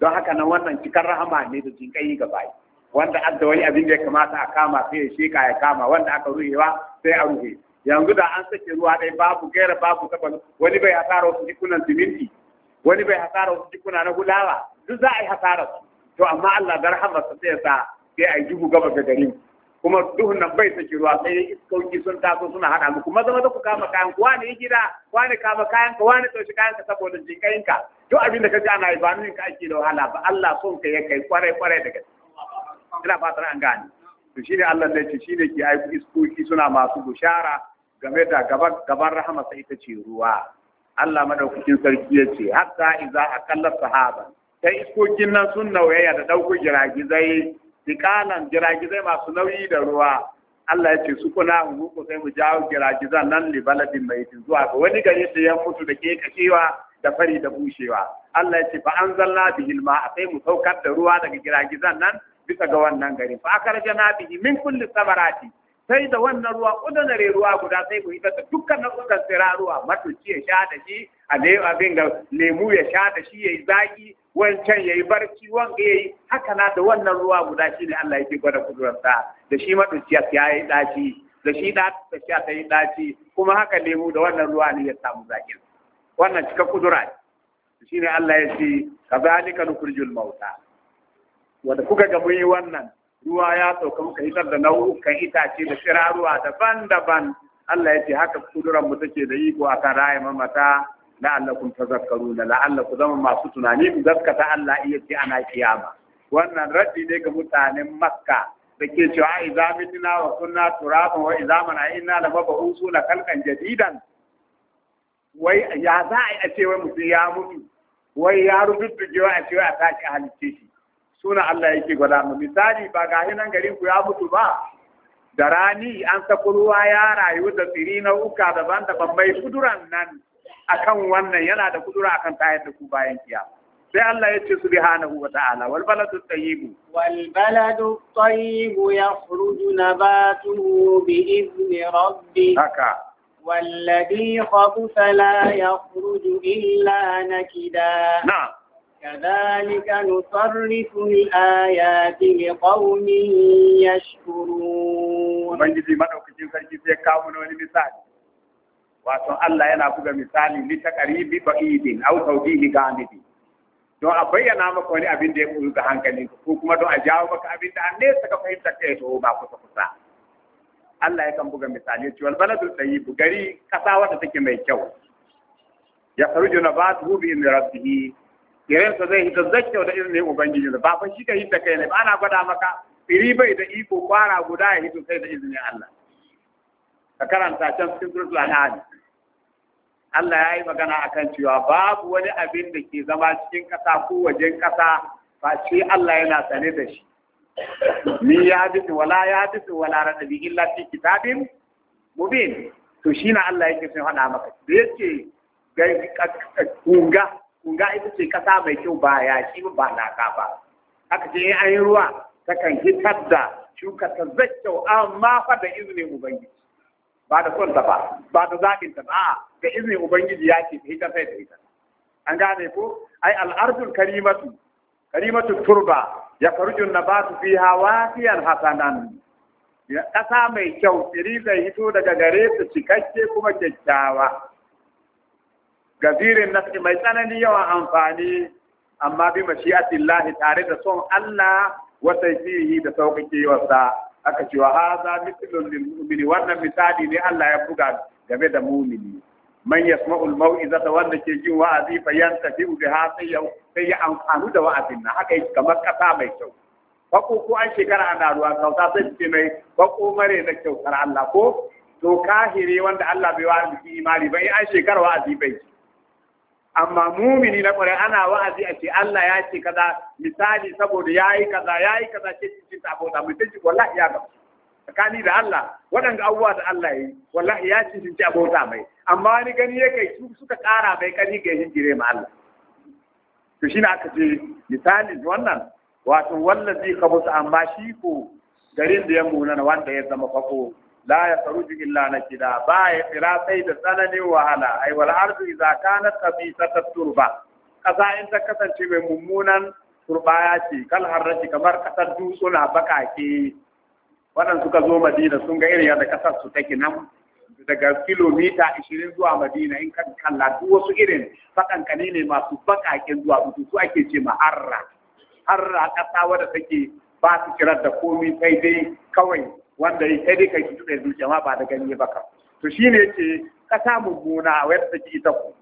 don haka nan wannan cikar rahama ne da jinƙayi ga bai wanda adda wani abin da ya kamata a kama sai ya sheka ya kama wanda aka ruhewa sai a ruhe yanzu da an sake ruwa dai babu gaira babu taban wani bai hasara wasu jikunan siminti wani bai hasara wasu jikuna na hulawa duk za a yi hasara su to amma Allah da rahamarsa sai ya sa sai a yi jihu gaba ga garin kuma duhunan nan bai ta ruwa sai iskoki sun taso suna hada muku maza maza ku kama kayan ku wani yi gida wani kama kayan ka wani tsoshi kayan ka saboda jikayin ka duk abin da kaji ana yi ba ka ake da wahala ba Allah son ka ya kai kwarai kwarai da gaske ina fatar an gane to shine Allah ne ce shine ke aiko iskoki suna masu bushara game da gaban gaban rahama sai ita ce ruwa Allah madaukakin sarki ya ce hatta idza aqalla sahaba sai iskokin nan sun nauyaya da dauko zai dikalan jiragizai masu nauyi da ruwa Allah ya ce su kuna muku sai mu jawo giragizan nan li baladin maitin zuwa ga wani gari da ya mutu da ke kashewa da fari da bushewa Allah ya ce fa anzalna bihil a sai mu saukar da ruwa daga giragizan nan bisa ga wannan gari fa akarjana bihi min kulli samarati sai da wannan ruwa ƙudanare ruwa guda sai mu hita da dukkan na ƙudan ruwa. matuci ya sha da shi a abin ga lemu ya sha da shi ya yi zaƙi wancan ya yi barci wanga ya yi haka na da wannan ruwa guda shi ne Allah yake gwada kudurarsa da shi matuci ya yi ɗaci da shi da ta ta yi ɗaci kuma haka lemu da wannan ruwa ne ya samu zaƙin wannan cika kudura ne shi ne Allah ya ce kazalika nukurjul mauta wanda kuka ga mun yi wannan ruwa ya sauka muka hitar da nau'ukan itace da shirarwa daban-daban Allah ya ce haka kudurar mu take da iko kan raya mamata la'allakum Allah ku zama masu tunani ku gaskata Allah iya ce ana kiyama wannan raddi ne ga mutanen Makka da ke cewa a izamituna wa suna turafin wa izamana inna la mabu'usu na kalkan jadidan wai ya za a ce wai mutum ya mutu wai ya rubuta a ce a tashi a halicce shi suna Allah yake gwada mu misali ba ga hinan garin ku ya mutu ba darani an sako ruwa ya rayu da tsiri na uka daban daban mai kuduran nan akan wannan yana da kudura akan tayar da ku bayan kiya sai Allah ya ce subhanahu wa ta'ala wal baladu tayyibu wal baladu tayyibu yakhruju nabatuhu bi idni rabbi haka والذي خبث لا يخرج إلا نكدا نعم كذلك نصرف الآيات لقوم يشكرون من جزي مدعو كتير كتير كتير كامل ولمثال wato Allah yana buga misali li taqribi ba'idin aw tawdihi ganidi don a bayyana maka wani abin da ya koyi hankali ko kuma don a jawo maka abin da an ka fahimta kai to ba kusa kusa Allah ya kan buga misali cewa baladul tayyib gari kasa wadda take mai kyau ya faruju nabatuhu bi rabbih sa zai hita zakkau da izinin ubangiji ba fa shi ka hita kai ne ba ana gwada maka iri bai da iko kwara guda ya hito sai da izinin Allah ka karanta can cikin suratul an'am Allah ya yi magana akan cewa babu wani abin da ke zama cikin ƙasa ko wajen ƙasa face Allah yana sane da shi ni ya hadisi wala ya hadisi wala bi illa fi kitabin mubin to shi na Allah yake sai hada maka da yake kunga kunga ita ce kasa mai kyau ba yashi ba laka ba haka ce an yi ruwa takan hitar da shuka ta kyau amma fa da izinin ubangiji ba da son ta ba ba da zaɓin ta ba da izinin ubangiji ya ce ta hitar sai ta hitar an gane ko ai al'ardul karimatu karimatu turba ya su nabatu hawa wafiyan hasanan ƙasa mai kyau tsiri zai hito daga gare su cikakke kuma kyakkyawa gazirin nafi mai tsananin yawan amfani amma bi mashi'atin lahi tare da son Allah wa taifihi da sauƙaƙe wasa. aka ce wa haza mislun lil mu'mini wannan misali ne Allah ya buga game da mu'mini man yasma'ul mau'izata wanda ke jin wa'azi fa yantafi biha sai ya sai ya amfanu da wa'azin na haka kamar kasa mai kyau bako ko an shekara ana ruwa kauta sai ce mai bako mare na kyautar Allah ko to kahire wanda Allah bai wa imani bai an shekara wa'azi bai amma mumini na kwarai ana wa'azi a ce Allah ya ce kaza misali saboda yayi kaza yayi kaza ce cikin abota mutum ji wallahi ya gamsu tsakani da Allah waɗanda abubuwa da Allah ya yi wallahi ya ci abota mai amma wani gani ya kai su suka kara mai kani ga yin jire ma Allah to shi aka ce misali wannan wato wallazi ka amma shi ko garin da ya munana wanda ya zama fako la ya faruju illa na kida ba ya tsira sai da tsananin wahala ai wal ardu idza kanat qabisata turba kasa in ta kasance mai mummunan turbaya ce kal harraci kamar kasar dutsuna bakake wannan suka zo Madina sun ga irin yadda kasar su take nan daga kilomita 20 zuwa Madina in kan kalla duk wasu irin fakankane ne masu bakaken zuwa su ake ce ma harra harra kasa wadda take ba su kirar da komai sai dai kawai wanda ya kai kai shi da zuciya ba da ganye ba ka to shine yace kasa mummuna wadda take ita ku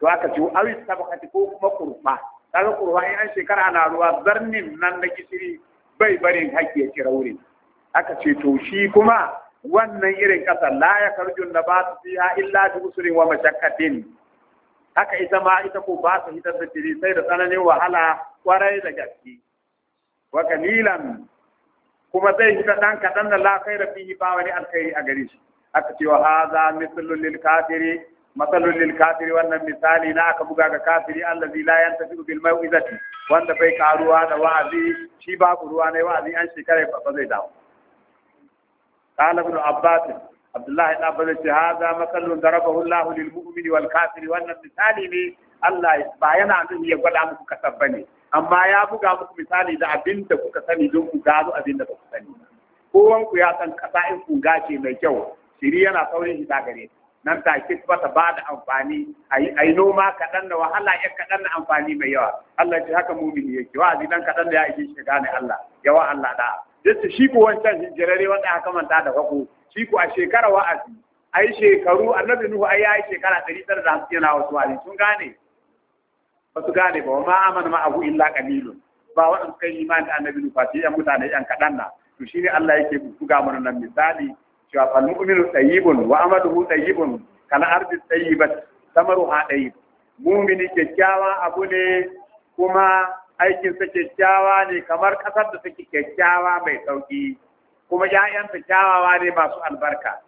to aka ce awi sabakati ko kuma kurfa kaga kurfa in an shekara na ruwa zarnin nan da gishiri bai barin haƙƙi ya cire wuri aka ce to shi kuma wannan irin kasa la ya karju da ba su fiha illa bi usrin wa mashakkatin haka ita ma ita ko ba su hitar da tiri sai da tsananin wahala kwarai da gaske wa kalilan kuma zai fita dan kadan da la khaira fihi ba wani alkhairi a gare shi aka ce wa hadha mithlul lil kafiri mathalul lil kafiri wannan misali na aka buga ga kafiri allazi la yantafi bil mau'izati wanda bai karuwa da wa'azi shi babu ruwa ne wa'azi an shekara ba zai dawo قال ابن عباس عبد الله بن عباس هذا مثل ضربه الله للمؤمن والكافر Wannan misali ne Allah ba yana nufin ya gwada muku kasab bane amma ya buga muku misali da abin da kuka sani don ku gano abin da ba ku sani kowan ku ya san kasa in ku gace mai kyau shiri yana saurin hita gare nan ta ke ba ta bada amfani ai noma kaɗan da wahala ya kaɗan da amfani mai yawa Allah ji haka mumini yake wa azidan kaɗan da ya ishe shi gane Allah yawa Allah da yace shi ko wancan hijirare wanda aka manta da kwako shi ko a shekara wa'azi ai shekaru annabi nuhu ai yayi shekara 150 yana wasu wani sun gane ba su gane ba ma amana ma abu illa qalilun ba wa suka yi imani da annabi ne fati yan mutane yan kaɗan na to shine Allah yake buga mana nan misali cewa fal mu'minu tayyibun wa amaluhu tayyibun kana ardi tayyibat ha tayyib mu'mini kyakkyawa abu ne kuma aikin sa kyakkyawa ne kamar kasar da take kyakkyawa mai sauki kuma sa kyawawa ne masu albarka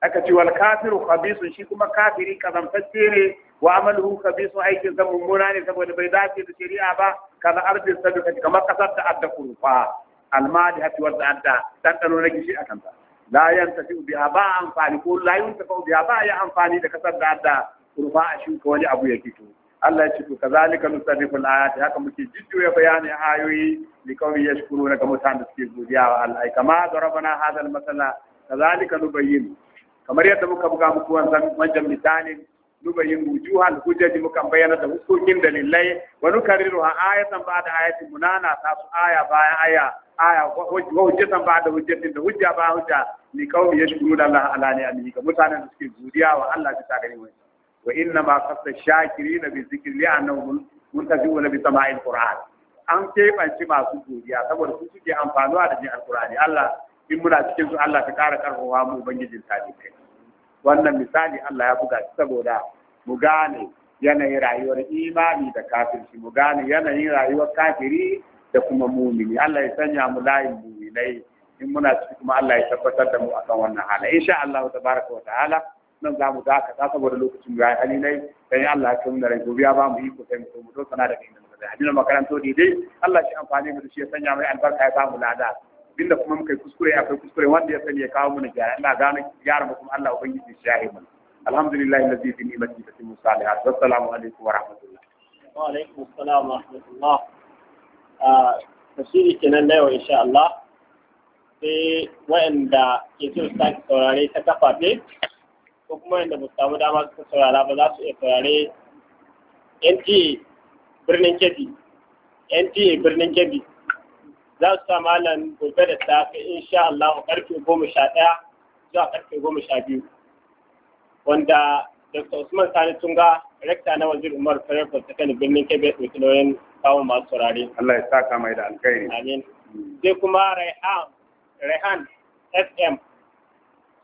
akati wal kafiru khabisu shi kuma kafiri kazantacce ne wa amaluhu khabisu aikin sa mummuna ne saboda bai dace da shari'a ba kaza ardi saduka kamar kasar da adda kurfa almadi hati wadda adda dan dano na gishi akan ta la yantafi biha ba amfani ko la yantafi bi aba ya amfani da kasar da adda kurfa a shi ko wani abu ya kito Allah ya ce to kazalika nusarrifu al-ayati haka muke jujjuya bayanin ayoyi li kawai yashkuruna ga mutanen da suke godiya wa Allah kama darabana hadal masala kazalika nubayyin kamar yadda muka buga muku wancan wancan misalin nubayin wujuhal hujjaji muka bayyana da hukokin dalilai wa nukarriruha ayatan ba'da ayatin munana ta su aya bayan aya aya wa hujjatan ba'da hujjatin da hujja ba hujja li qaumi yashkuruna Allah ala ni'amihi ga mutanen da suke godiya wa Allah bisa gare mu wa inna ma qasta shakirin bi zikri li annahum muntazi'una bi sama'il qur'an an keɓance masu godiya saboda su suke amfanuwa da jin alqur'ani Allah in muna cikin su Allah ta ƙara ƙarfafa mu ubangijin sadiqai wannan misali Allah ya buga shi saboda mu gane yanayin rayuwar imani da kafirci mu gane yanayin rayuwar kafiri da kuma mumini Allah ya sanya mu layin muminai in muna ciki kuma Allah ya tabbatar da mu akan wannan hala insha Allah tabaraka wa ta'ala nan za mu dakata saboda lokacin da hali nai dan Allah ya kuma rai gobe ya ba mu iko sai mu so mu da inda da hadin makaranto dai Allah shi amfani mu shi ya sanya mai albarka ya ba mu lada binda kuma muka yi kuskure akwai kuskure wanda ya sani ya kawo mana gyara ina gano gyara mu kuma Allah ubangiji ya yayi mana alhamdulillah allazi bi ni'mati tatimmu salihat wassalamu alaikum wa rahmatullah wa alaikum assalam wa rahmatullah a ah, tafsiri kenan da yau insha Allah sai waɗanda ke so su sake saurare ta ce ko kuma inda ba su samu dama suka saurara ba za su iya saurare NTA birnin Kebbi NTA birnin Kebbi za su sami halin gobe da safe sha Allah ƙarfe goma sha ɗaya zuwa ƙarfe goma sha biyu wanda Dr. Usman Sani Tunga rekta na wazir Umar Farar Fasakan birnin Kebe da nauyin kawo masu saurare. Allah ya saka mai da alkhairi. Amin. Sai kuma Raihan FM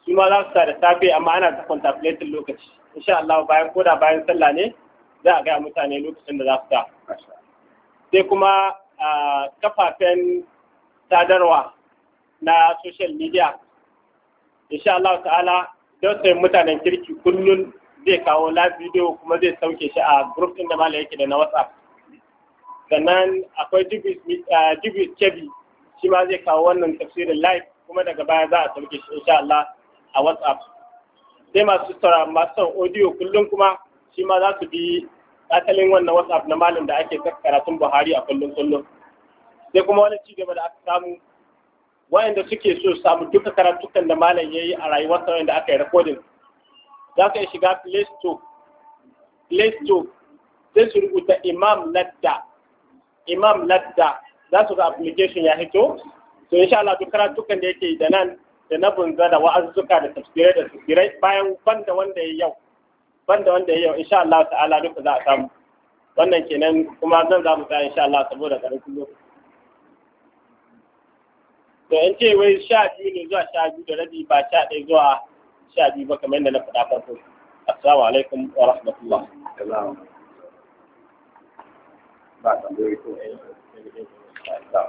su ma za su sa da safe amma ana ta contemplating lokaci. sha Allah bayan koda bayan sallah ne za a gaya mutane lokacin da za su sa. Sai kuma a kafafen sadarwa na social media insha Allah ta'ala don sai mutanen kirki kullun zai kawo live video kuma zai sauke shi a group din da mala yake da na WhatsApp sannan akwai Dubis Chebi shi ma zai kawo wannan tafsirin live kuma daga baya za a sauke shi insha Allah a WhatsApp sai masu sauran masu son audio kullun kuma shi ma za su bi asalin wannan whatsapp na malam da ake saka karatun buhari a kullum kullum sai kuma wani ci gaba da aka samu wayanda suke so samu duka karatukan da malam ya yi a rayuwarsa wayanda aka yi recording za ka shiga play store play store sai su rubuta imam ladda imam ladda za su ga application ya hito to insha Allah duk karatukan da yake da nan da na bunza da wa'azzuka da tafsirai da tafsirai bayan banda wanda ya yau banda wanda ya yau insha Allah ta'ala duka za a samu wannan kenan kuma zan za mu tsaya insha Allah saboda ƙarfin lokaci to in ce wai sha biyu ne zuwa sha biyu da rabi ba sha ɗaya zuwa sha biyu ba kamar yadda na faɗa farko assalamu alaikum wa rahmatullah ba tambayoyi ko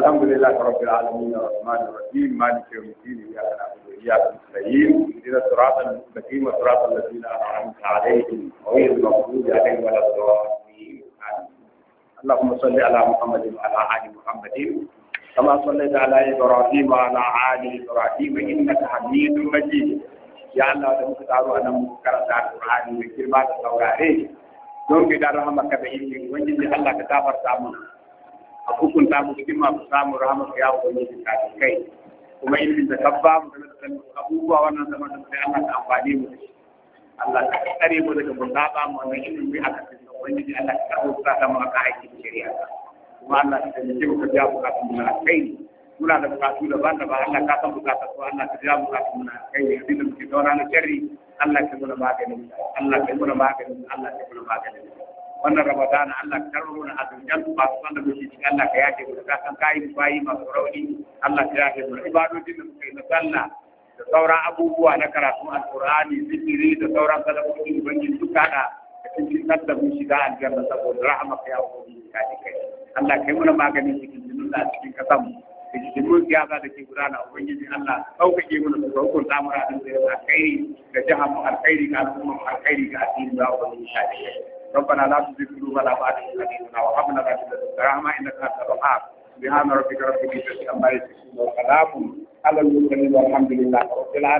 الحمد لله رب العالمين الرحمن الرحيم مالك يوم الدين اياك نعبد واياك نستعين اهدنا الصراط المستقيم صراط الذين انعمت عليهم غير المغضوب عليهم ولا الضالين اللهم صل على محمد وعلى ال محمد كما صليت على ابراهيم وعلى ال ابراهيم انك حميد مجيد يا الله لم muka انا a nan القران من كلمات qurani عليه girma da saurare don من rahamarka الله كتاب wanda a hukunta mu cikin masu samun rahama ya wani kafin kai kuma ilimin da kabba mu da nasarar abubuwa wannan zaman da sai Allah ka amfani mu Allah ka tsare mu daga bunzaba mu wannan ilimi aka tsare wani ne Allah ka karbo sa da mu aka haƙi shari'a kuma Allah ka tsare mu ka biya bukatun mu na kai muna da bukatu da ba Allah ka san bukatun mu Allah ka biya bukatun mu na kai abin da muke daura na sharri Allah ka muna maganin Allah ka muna maganin Allah ka muna maganin wannan Ramadan Allah ka karbo mana azumjan ba su san da muke cikin Allah ka yake mu ka san kai bayi ma rauni Allah ka yake mu ibadodin da kai na sallah da sauran abubuwa na karatu alqur'ani zikiri da sauran sadakoki da duk kada da cikin da mu shiga aljanna saboda rahmaka ya ubangiji ka kai Allah kai mana maganin cikin jinin da cikin kasan da ya siyasa da ke gudana ubangiji Allah sauƙaƙe da su saukun din da alkhairi ga jihar alkhairi ga al'ummar alkhairi ga asiri da ubangiji ta da ربنا لا تزغ قلوبنا بعد إذ هديتنا وهب لنا من لدنك رحمة إنك أنت الوهاب سبحان ربك رب العزة عما يصفون وسلام على المرسلين والحمد لله رب العالمين